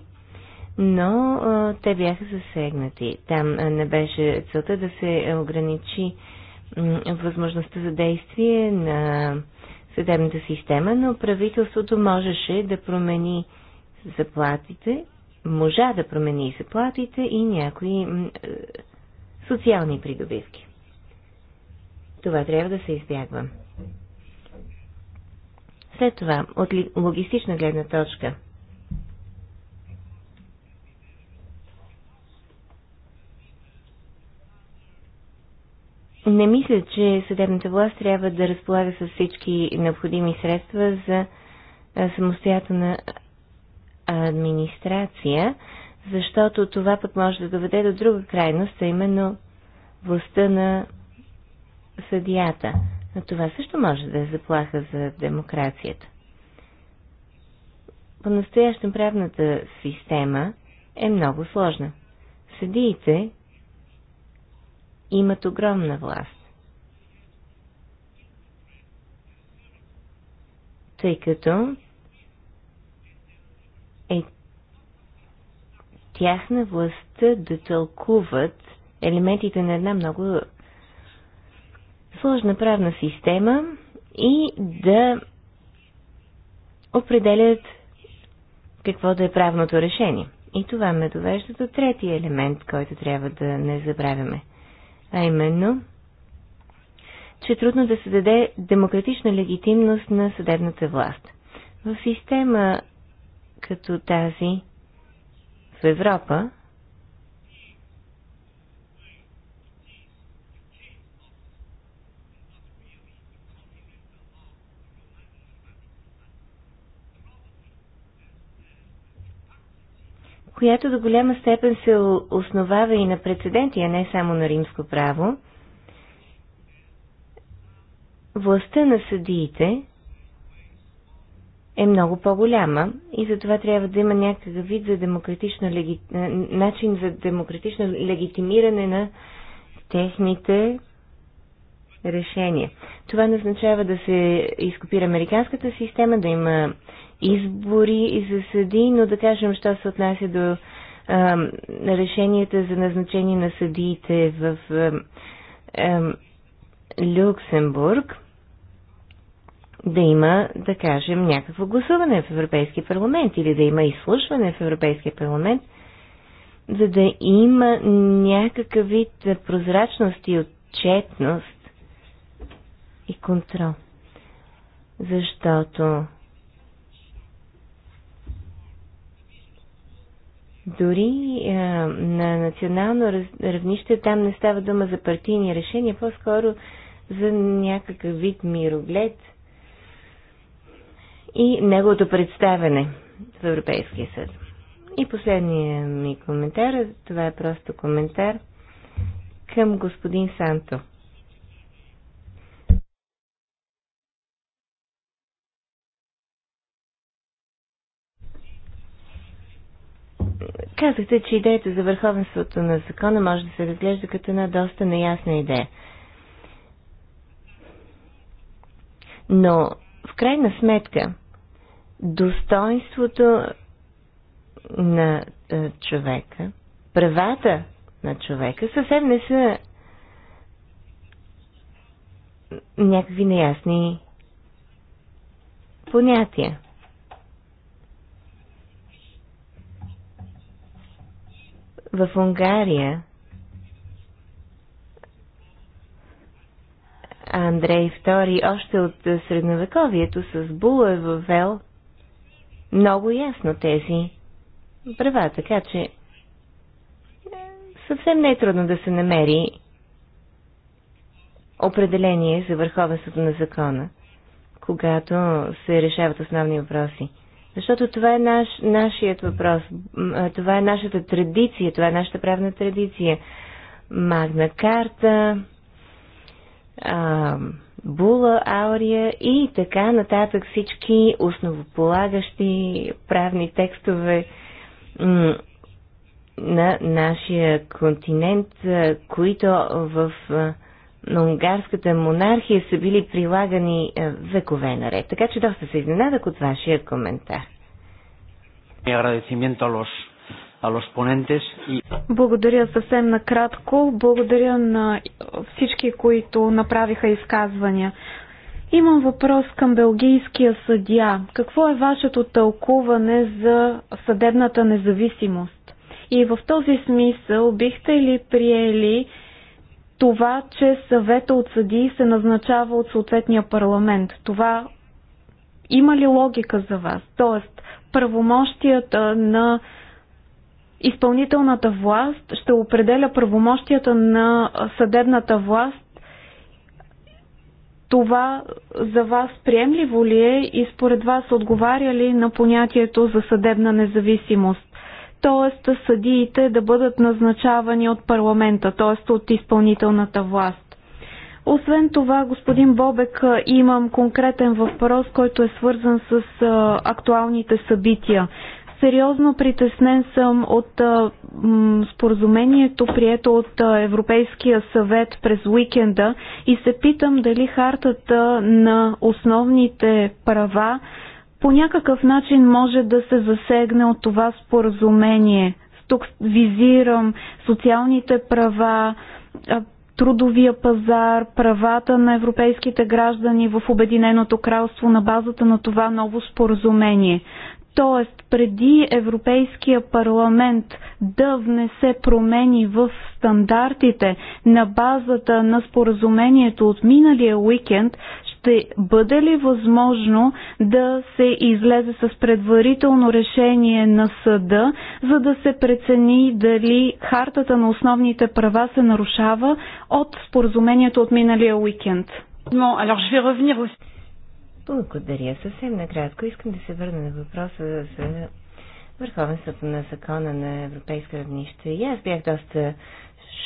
но те бяха засегнати. Там не беше целта да се ограничи възможността за действие на съдебната система, но правителството можеше да промени заплатите, можа да промени заплатите и някои е, социални придобивки. Това трябва да се избягва. След това, от логистична гледна точка, не мисля, че съдебната власт трябва да разполага с всички необходими средства за е, самостоятелна администрация, защото това пък може да доведе до друга крайност, а именно властта на съдията. Но това също може да е заплаха за демокрацията. По-настоящем правната система е много сложна. Съдиите имат огромна власт. Тъй като е тяхна властта да тълкуват елементите на една много сложна правна система и да определят какво да е правното решение. И това ме довежда до третия елемент, който трябва да не забравяме. А именно, че е трудно да се даде демократична легитимност на съдебната власт. В система като тази в Европа, която до голяма степен се основава и на прецеденти, а не само на римско право, властта на съдиите – е много по-голяма и затова трябва да има някакъв вид за демократично леги... Е, начин за демократично легитимиране на техните решения. Това не означава да се изкопира американската система, да има избори и за съди, но да кажем, що се отнася до а, решенията за назначение на съдиите в а, а, Люксембург – да има, да кажем, някакво гласуване в Европейския парламент или да има изслушване в Европейския парламент, за да има някакъв вид прозрачност и отчетност и контрол. Защото дори а, на национално равнище там не става дума за партийни решения, по-скоро за някакъв вид мироглед – и неговото представене в Европейския съд. И последния ми коментар, това е просто коментар към господин Санто. Казахте, че идеята за върховенството на закона може да се разглежда като една доста неясна идея. Но, в крайна сметка, достоинството на е, човека, правата на човека съвсем не са някакви неясни понятия. В Унгария Андрей II още от средновековието с була е въвел много ясно тези права, така че е, съвсем не е трудно да се намери определение за върховенството на закона, когато се решават основни въпроси. Защото това е наш, нашият въпрос, това е нашата традиция, това е нашата правна традиция. Магна карта, а, Була, Аурия и така нататък всички основополагащи правни текстове на нашия континент, които в на унгарската монархия са били прилагани векове наред. Така че доста се изненадах от вашия коментар. Mi agradecimiento благодаря съвсем накратко. Благодаря на всички, които направиха изказвания. Имам въпрос към белгийския съдия. Какво е вашето тълкуване за съдебната независимост? И в този смисъл бихте ли приели това, че съвета от съдии се назначава от съответния парламент? Това има ли логика за вас? Тоест, правомощията на изпълнителната власт ще определя правомощията на съдебната власт. Това за вас приемливо ли е и според вас отговаря ли на понятието за съдебна независимост? Тоест съдиите да бъдат назначавани от парламента, т.е. от изпълнителната власт. Освен това, господин Бобек, имам конкретен въпрос, който е свързан с актуалните събития. Сериозно притеснен съм от споразумението, прието от Европейския съвет през уикенда и се питам дали хартата на основните права по някакъв начин може да се засегне от това споразумение. Тук визирам социалните права, трудовия пазар, правата на европейските граждани в Обединеното кралство на базата на това ново споразумение. Тоест, преди Европейския парламент да внесе промени в стандартите на базата на споразумението от миналия уикенд, ще бъде ли възможно да се излезе с предварително решение на съда, за да се прецени дали хартата на основните права се нарушава от споразумението от миналия уикенд? Благодаря. Съвсем накратко искам да се върна на въпроса за върховенството на закона на европейска равнище. И аз бях доста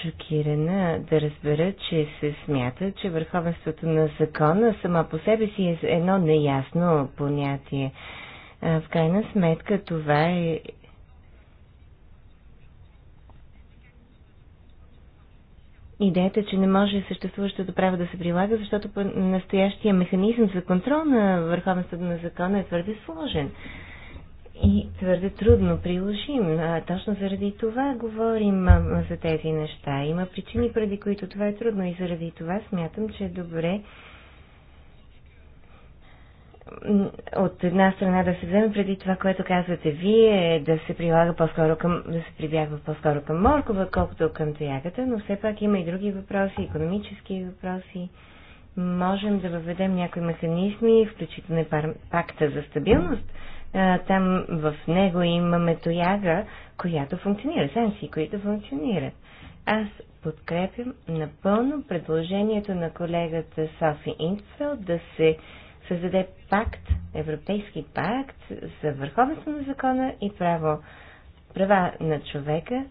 шокирана да разбера, че се смята, че върховенството на закона сама по себе си е едно неясно понятие. В крайна сметка това е идеята, че не може съществуващото право да се прилага, защото настоящия механизъм за контрол на върховенството на закона е твърде сложен и твърде трудно приложим. А, точно заради това говорим а, за тези неща. Има причини, преди които това е трудно и заради това смятам, че е добре от една страна да се вземе преди това, което казвате вие, да се прилага по-скоро към, да се прибягва по-скоро към моркова, колкото към тоягата, но все пак има и други въпроси, економически въпроси. Можем да въведем някои механизми, включително пакта за стабилност. Там в него имаме тояга, която функционира, санкции, които функционират. Аз подкрепям напълно предложението на колегата Софи Интфелд да се създаде пакт, европейски пакт за върховенство на закона и право, права на човека,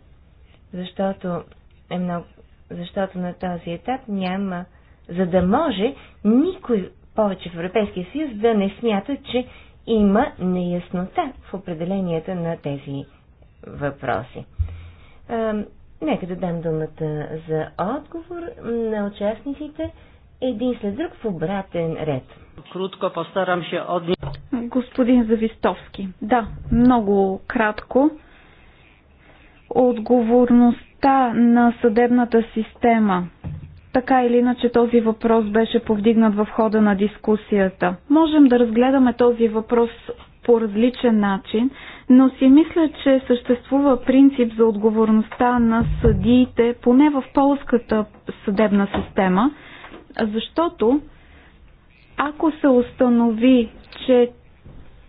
защото, е много, защото на този етап няма, за да може никой повече в Европейския съюз да не смята, че има неяснота в определенията на тези въпроси. Нека да дам думата за отговор на участниците един след друг в обратен ред. Крутко постарам се от... Господин Завистовски, да, много кратко. Отговорността на съдебната система. Така или иначе този въпрос беше повдигнат в хода на дискусията. Можем да разгледаме този въпрос по различен начин, но си мисля, че съществува принцип за отговорността на съдиите, поне в полската съдебна система, защото ако се установи, че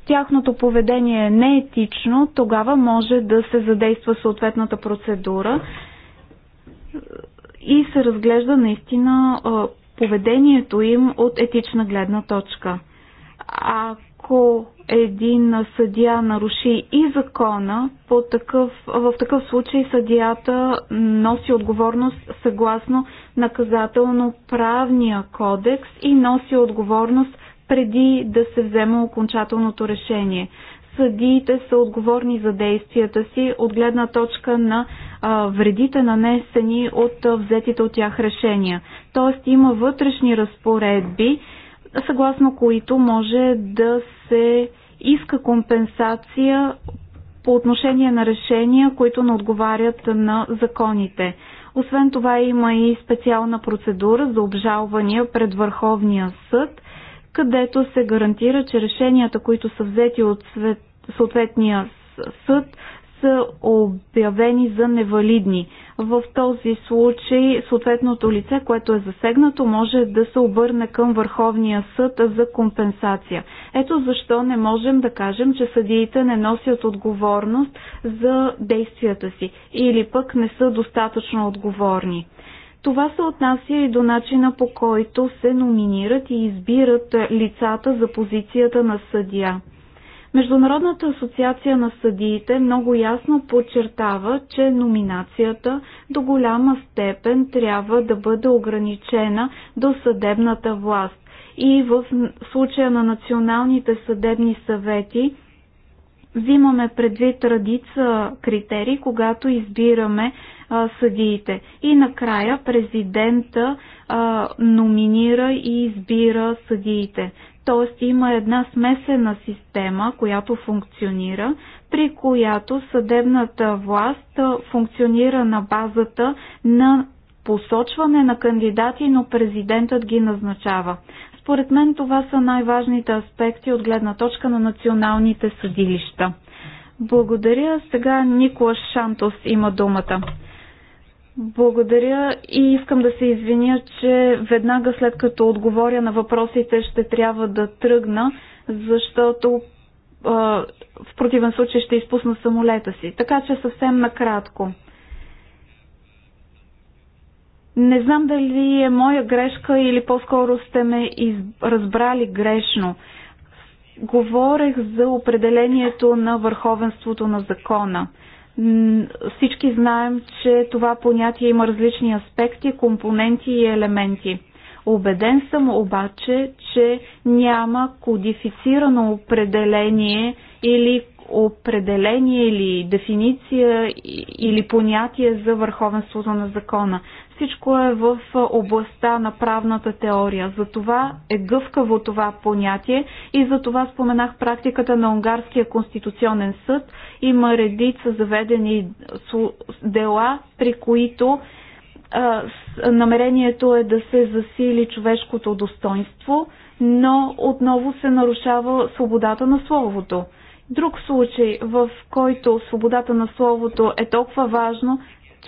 тяхното поведение е неетично, тогава може да се задейства съответната процедура и се разглежда наистина поведението им от етична гледна точка. Ако един съдия наруши и закона, по такъв, в такъв случай съдията носи отговорност съгласно наказателно-правния кодекс и носи отговорност преди да се вземе окончателното решение. Съдиите са отговорни за действията си от гледна точка на а, вредите нанесени от а, взетите от тях решения. Тоест има вътрешни разпоредби, съгласно които може да се иска компенсация по отношение на решения, които не отговарят на законите. Освен това има и специална процедура за обжалвания пред Върховния съд, където се гарантира, че решенията, които са взети от съответния съд, са обявени за невалидни. В този случай съответното лице, което е засегнато, може да се обърне към Върховния съд за компенсация. Ето защо не можем да кажем, че съдиите не носят отговорност за действията си или пък не са достатъчно отговорни. Това се отнася и до начина по който се номинират и избират лицата за позицията на съдия. Международната асоциация на съдиите много ясно подчертава, че номинацията до голяма степен трябва да бъде ограничена до съдебната власт. И в случая на националните съдебни съвети взимаме предвид радица критерии, когато избираме а, съдиите. И накрая президента а, номинира и избира съдиите. Т.е. има една смесена система, която функционира, при която съдебната власт функционира на базата на посочване на кандидати, но президентът ги назначава. Според мен това са най-важните аспекти от гледна точка на националните съдилища. Благодаря. Сега Николас Шантос има думата. Благодаря и искам да се извиня, че веднага след като отговоря на въпросите ще трябва да тръгна, защото а, в противен случай ще изпусна самолета си. Така че съвсем накратко. Не знам дали е моя грешка или по-скоро сте ме из... разбрали грешно. Говорех за определението на върховенството на закона. Всички знаем, че това понятие има различни аспекти, компоненти и елементи. Обеден съм обаче, че няма кодифицирано определение или определение или дефиниция или понятие за върховенството на закона. Всичко е в областта на правната теория. Затова е гъвкаво това понятие и затова споменах практиката на Унгарския конституционен съд. Има редица заведени дела, при които намерението е да се засили човешкото достоинство, но отново се нарушава свободата на словото. Друг случай, в който свободата на словото е толкова важно,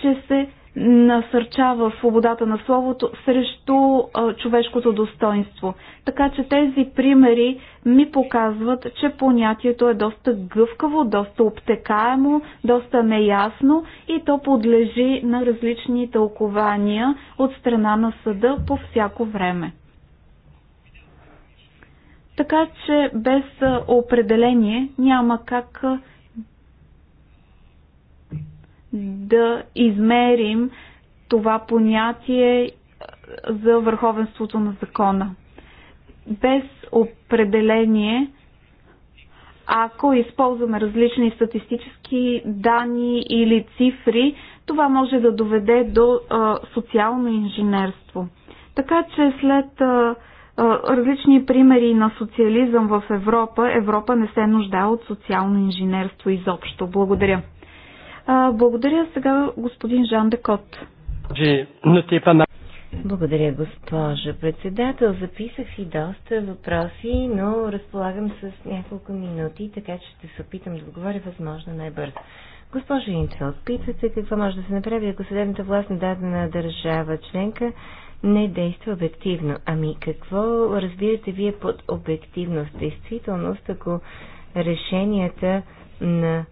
че се насърчава свободата на словото срещу човешкото достоинство. Така че тези примери ми показват, че понятието е доста гъвкаво, доста обтекаемо, доста неясно и то подлежи на различни тълкования от страна на съда по всяко време. Така че без определение няма как да измерим това понятие за върховенството на закона. Без определение, ако използваме различни статистически данни или цифри, това може да доведе до а, социално инженерство. Така че след а, а, различни примери на социализъм в Европа, Европа не се нуждае от социално инженерство изобщо. Благодаря благодаря сега господин Жан Декот. Благодаря, госпожа председател. Записах си доста въпроси, но разполагам с няколко минути, така че ще се опитам да отговоря възможно най-бързо. Госпожа Интфелд, питате какво може да се направи, ако съдебната власт на дадена държава членка не действа обективно. Ами какво разбирате вие под обективност? Действителност, ако решенията на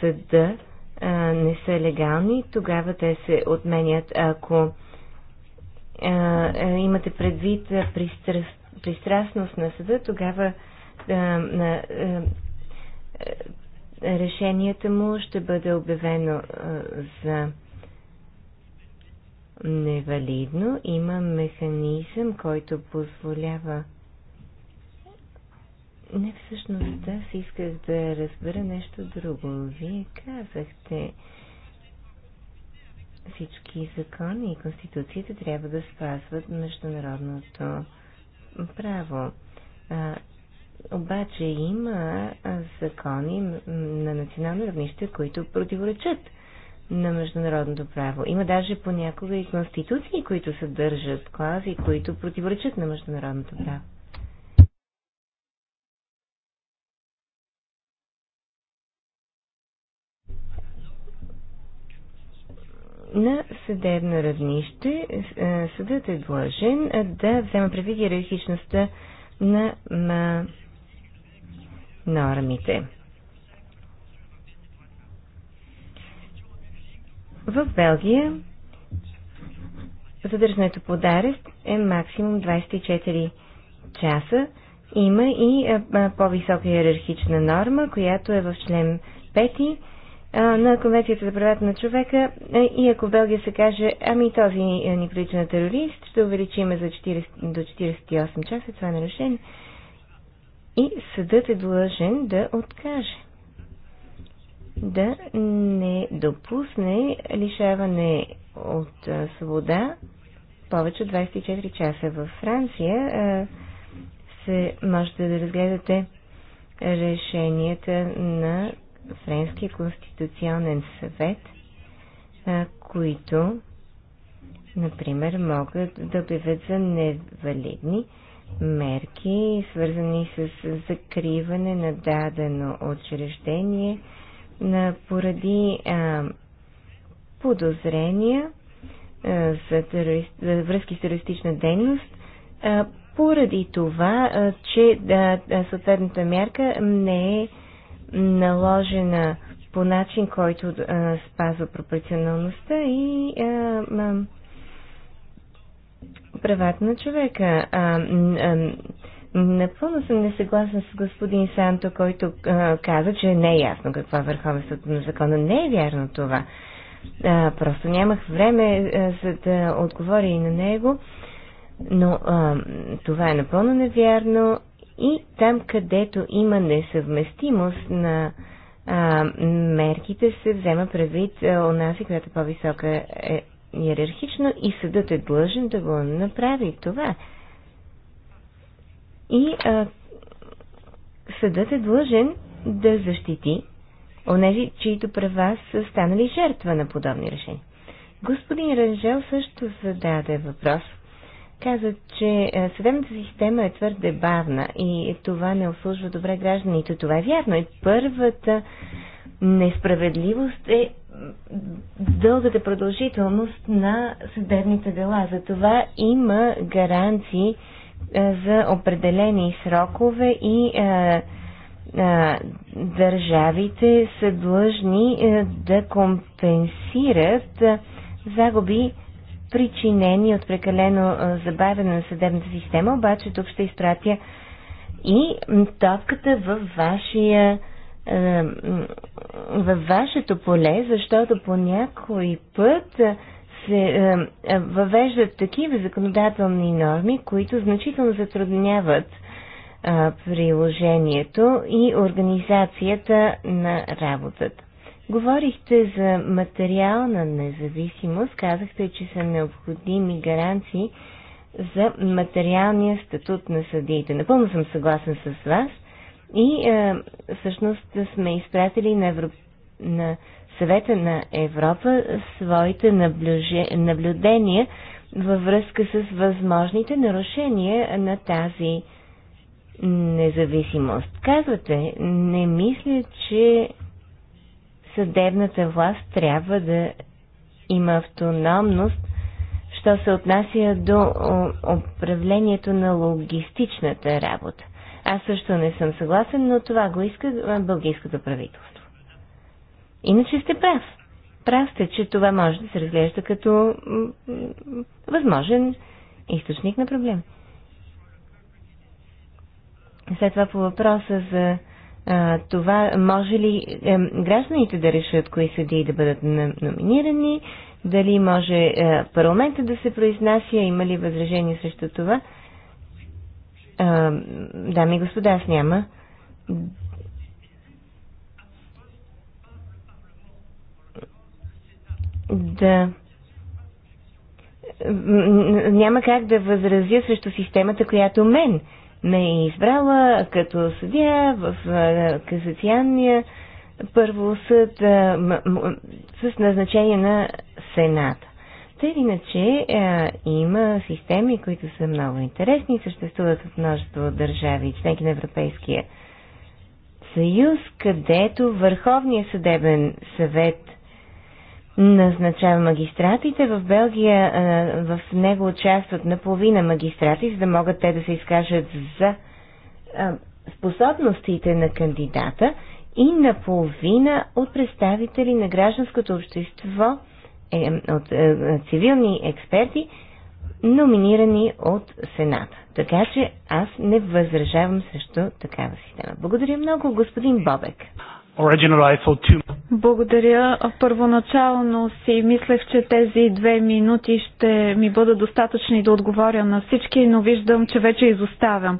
съда а, не са легални, тогава те се отменят. Ако а, а, имате предвид пристрас, пристрастност на съда, тогава а, а, а, решението му ще бъде обявено а, за невалидно. Има механизъм, който позволява не, всъщност аз исках да разбера нещо друго. Вие казахте, всички закони и конституциите трябва да спазват международното право. А, обаче има закони на национално равнище, които противоречат на международното право. Има даже понякога и конституции, които съдържат клази, които противоречат на международното право. на съдебно равнище е, съдът е длъжен е, да взема предвид иерархичността на, нормите. В Белгия задържането под арест е максимум 24 часа. Има и е, по-висока иерархична норма, която е в член 5 на Конвенцията за правата на човека и ако Белгия се каже, ами този ни прилича на терорист, ще увеличиме за 40, до 48 часа това е нарушение. И съдът е длъжен да откаже. Да не допусне лишаване от свобода повече от 24 часа. Във Франция се можете да разгледате решенията на Френския конституционен съвет, които, например, могат да обявят за невалидни мерки, свързани с закриване на дадено учреждение поради а, подозрения а, за, терорист, за връзки с терористична дейност, а, поради това, а, че да, съответната мярка не е наложена по начин, който а, спазва пропорционалността и а, а, правата на човека. А, а, напълно съм несъгласна с господин Санто, който а, каза, че не е ясно какво е върховенството на закона. Не е вярно това. А, просто нямах време а, за да отговоря и на него. Но а, това е напълно невярно и там, където има несъвместимост на а, мерките, се взема предвид онази, която по-висока е иерархично и съдът е длъжен да го направи това. И а, съдът е длъжен да защити онези, чието права са станали жертва на подобни решения. Господин Ранжел също зададе въпрос – каза, че е, съдебната система е твърде бавна и това не обслужва добре гражданите. Това е вярно. И първата несправедливост е дългата продължителност на съдебните дела. За това има гаранции е, за определени срокове и а, е, а, държавите са длъжни да компенсират загуби причинени от прекалено забавяне на съдебната система, обаче тук ще изпратя и топката във вашия във вашето поле, защото по някой път се въвеждат такива законодателни норми, които значително затрудняват приложението и организацията на работата. Говорихте за материална независимост, казахте, че са необходими гаранции за материалния статут на съдиите. Напълно съм съгласен с вас и е, всъщност сме изпратили на, Евро... на съвета на Европа своите наблюже... наблюдения във връзка с възможните нарушения на тази независимост. Казвате, не мисля, че съдебната власт трябва да има автономност, що се отнася до управлението на логистичната работа. Аз също не съм съгласен, но това го иска бългийското правителство. Иначе сте прав. Прав сте, че това може да се разглежда като възможен източник на проблем. След това по въпроса за това може ли гражданите да решат кои съдии да бъдат номинирани, дали може е, парламента да се произнася, има ли възражение срещу това? Дами и господа, аз няма. Да. Няма как да възразя срещу системата, която мен ме е избрала като съдия в касационния първо съд с назначение на Сената. Тъй иначе има системи, които са много интересни, съществуват в множество държави, членки на Европейския съюз, където Върховният съдебен съвет назначава магистратите. В Белгия в него участват наполовина магистрати, за да могат те да се изкажат за способностите на кандидата и наполовина от представители на гражданското общество, е, от е, цивилни експерти, номинирани от Сената. Така че аз не възражавам срещу такава система. Благодаря много, господин Бобек. Благодаря. Първоначално си мислех, че тези две минути ще ми бъдат достатъчни да отговоря на всички, но виждам, че вече изоставям.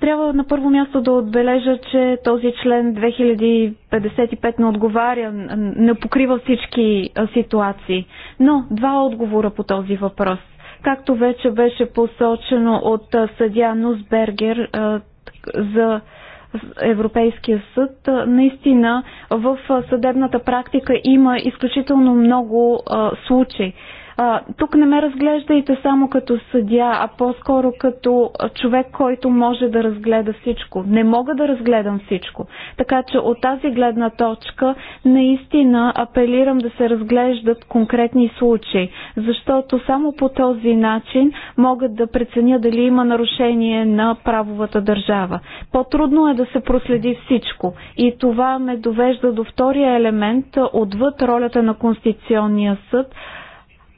Трябва на първо място да отбележа, че този член 2055 не отговаря, не покрива всички ситуации. Но два отговора по този въпрос. Както вече беше посочено от съдя Нусбергер за Европейския съд, наистина в съдебната практика има изключително много случаи а, тук не ме разглеждайте само като съдя, а по-скоро като човек, който може да разгледа всичко. Не мога да разгледам всичко. Така че от тази гледна точка наистина апелирам да се разглеждат конкретни случаи, защото само по този начин могат да преценя дали има нарушение на правовата държава. По-трудно е да се проследи всичко и това ме довежда до втория елемент отвъд ролята на Конституционния съд –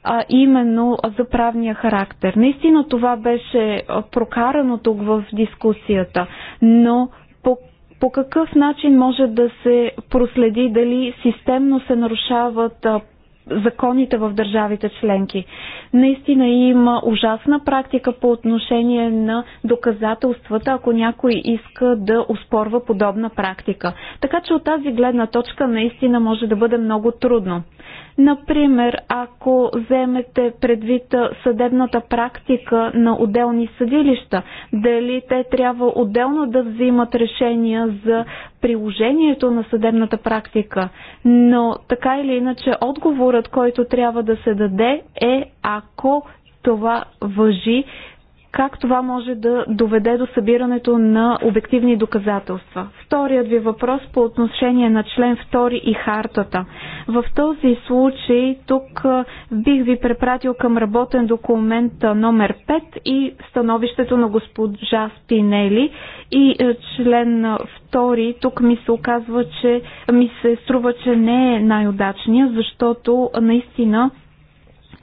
а именно за правния характер. Наистина това беше прокарано тук в дискусията, но по по какъв начин може да се проследи дали системно се нарушават законите в държавите членки. Наистина има ужасна практика по отношение на доказателствата, ако някой иска да успорва подобна практика. Така че от тази гледна точка наистина може да бъде много трудно. Например, ако вземете предвид съдебната практика на отделни съдилища, дали те трябва отделно да взимат решения за приложението на съдебната практика. Но така или иначе отговорът, който трябва да се даде е ако това въжи как това може да доведе до събирането на обективни доказателства. Вторият ви въпрос по отношение на член 2 и хартата. В този случай тук бих ви препратил към работен документ номер 5 и становището на госпожа Спинели и член 2 тук ми се оказва, че ми се струва, че не е най-удачния, защото наистина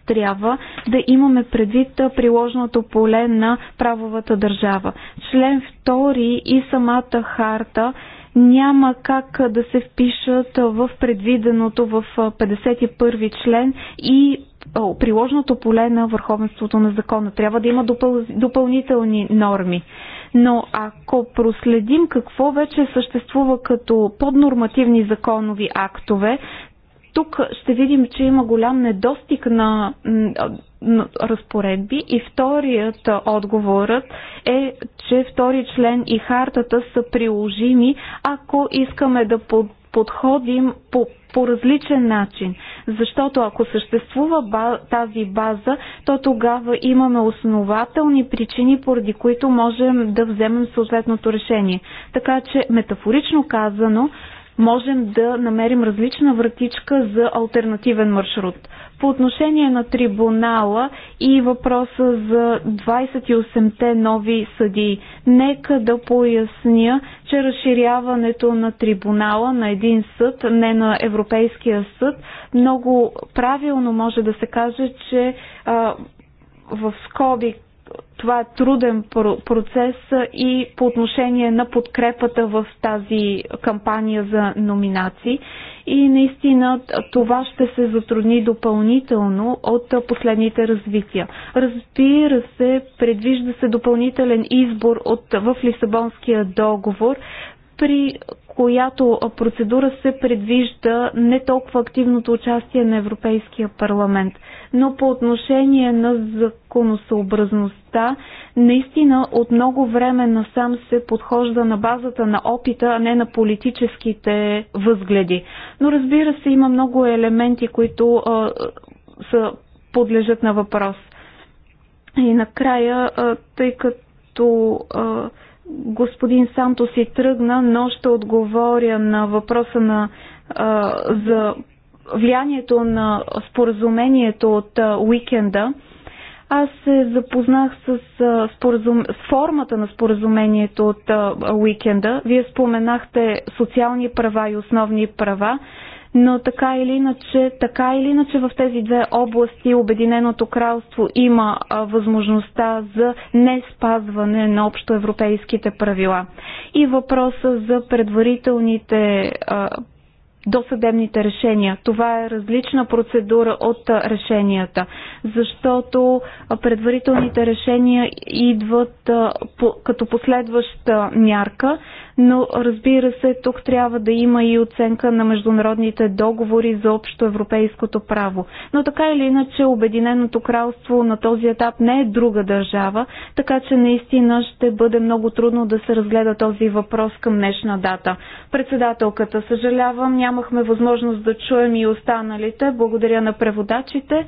трябва да имаме предвид приложното поле на правовата държава. Член 2 и самата харта няма как да се впишат в предвиденото в 51 член и приложното поле на върховенството на закона. Трябва да има допъл... допълнителни норми. Но ако проследим какво вече съществува като поднормативни законови актове, тук ще видим, че има голям недостиг на разпоредби и вторият отговорът е, че втори член и хартата са приложими, ако искаме да подходим по по различен начин. Защото ако съществува тази база, то тогава имаме основателни причини, поради които можем да вземем съответното решение. Така че, метафорично казано, можем да намерим различна вратичка за альтернативен маршрут. По отношение на трибунала и въпроса за 28-те нови съдии, нека да поясня, че разширяването на трибунала на един съд, не на Европейския съд, много правилно може да се каже, че а, в скоби това е труден процес и по отношение на подкрепата в тази кампания за номинации. И наистина това ще се затрудни допълнително от последните развития. Разбира се, предвижда се допълнителен избор от, в Лисабонския договор при която процедура се предвижда не толкова активното участие на Европейския парламент. Но по отношение на законосъобразността, наистина от много време насам се подхожда на базата на опита, а не на политическите възгледи. Но разбира се, има много елементи, които а, са, подлежат на въпрос. И накрая, а, тъй като а, господин Санто си тръгна, но ще отговоря на въпроса на, а, за влиянието на споразумението от а, уикенда. Аз се запознах с, а, споразум... с формата на споразумението от а, уикенда. Вие споменахте социални права и основни права но така или иначе, така или иначе в тези две области Обединеното кралство има възможността за не спазване на общоевропейските правила. И въпроса за предварителните досъдебните решения. Това е различна процедура от решенията, защото предварителните решения идват като последваща мярка, но разбира се, тук трябва да има и оценка на международните договори за общо европейското право. Но така или иначе, Обединеното кралство на този етап не е друга държава, така че наистина ще бъде много трудно да се разгледа този въпрос към днешна дата. Председателката, съжалявам, нямахме възможност да чуем и останалите. Благодаря на преводачите.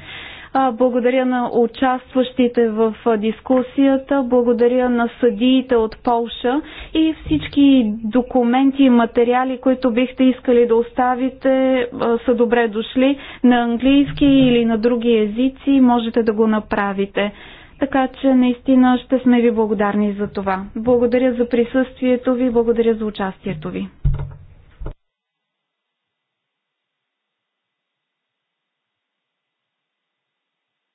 Благодаря на участващите в дискусията, благодаря на съдиите от Полша и всички документи и материали, които бихте искали да оставите, са добре дошли на английски или на други езици, можете да го направите. Така че наистина ще сме ви благодарни за това. Благодаря за присъствието ви, благодаря за участието ви.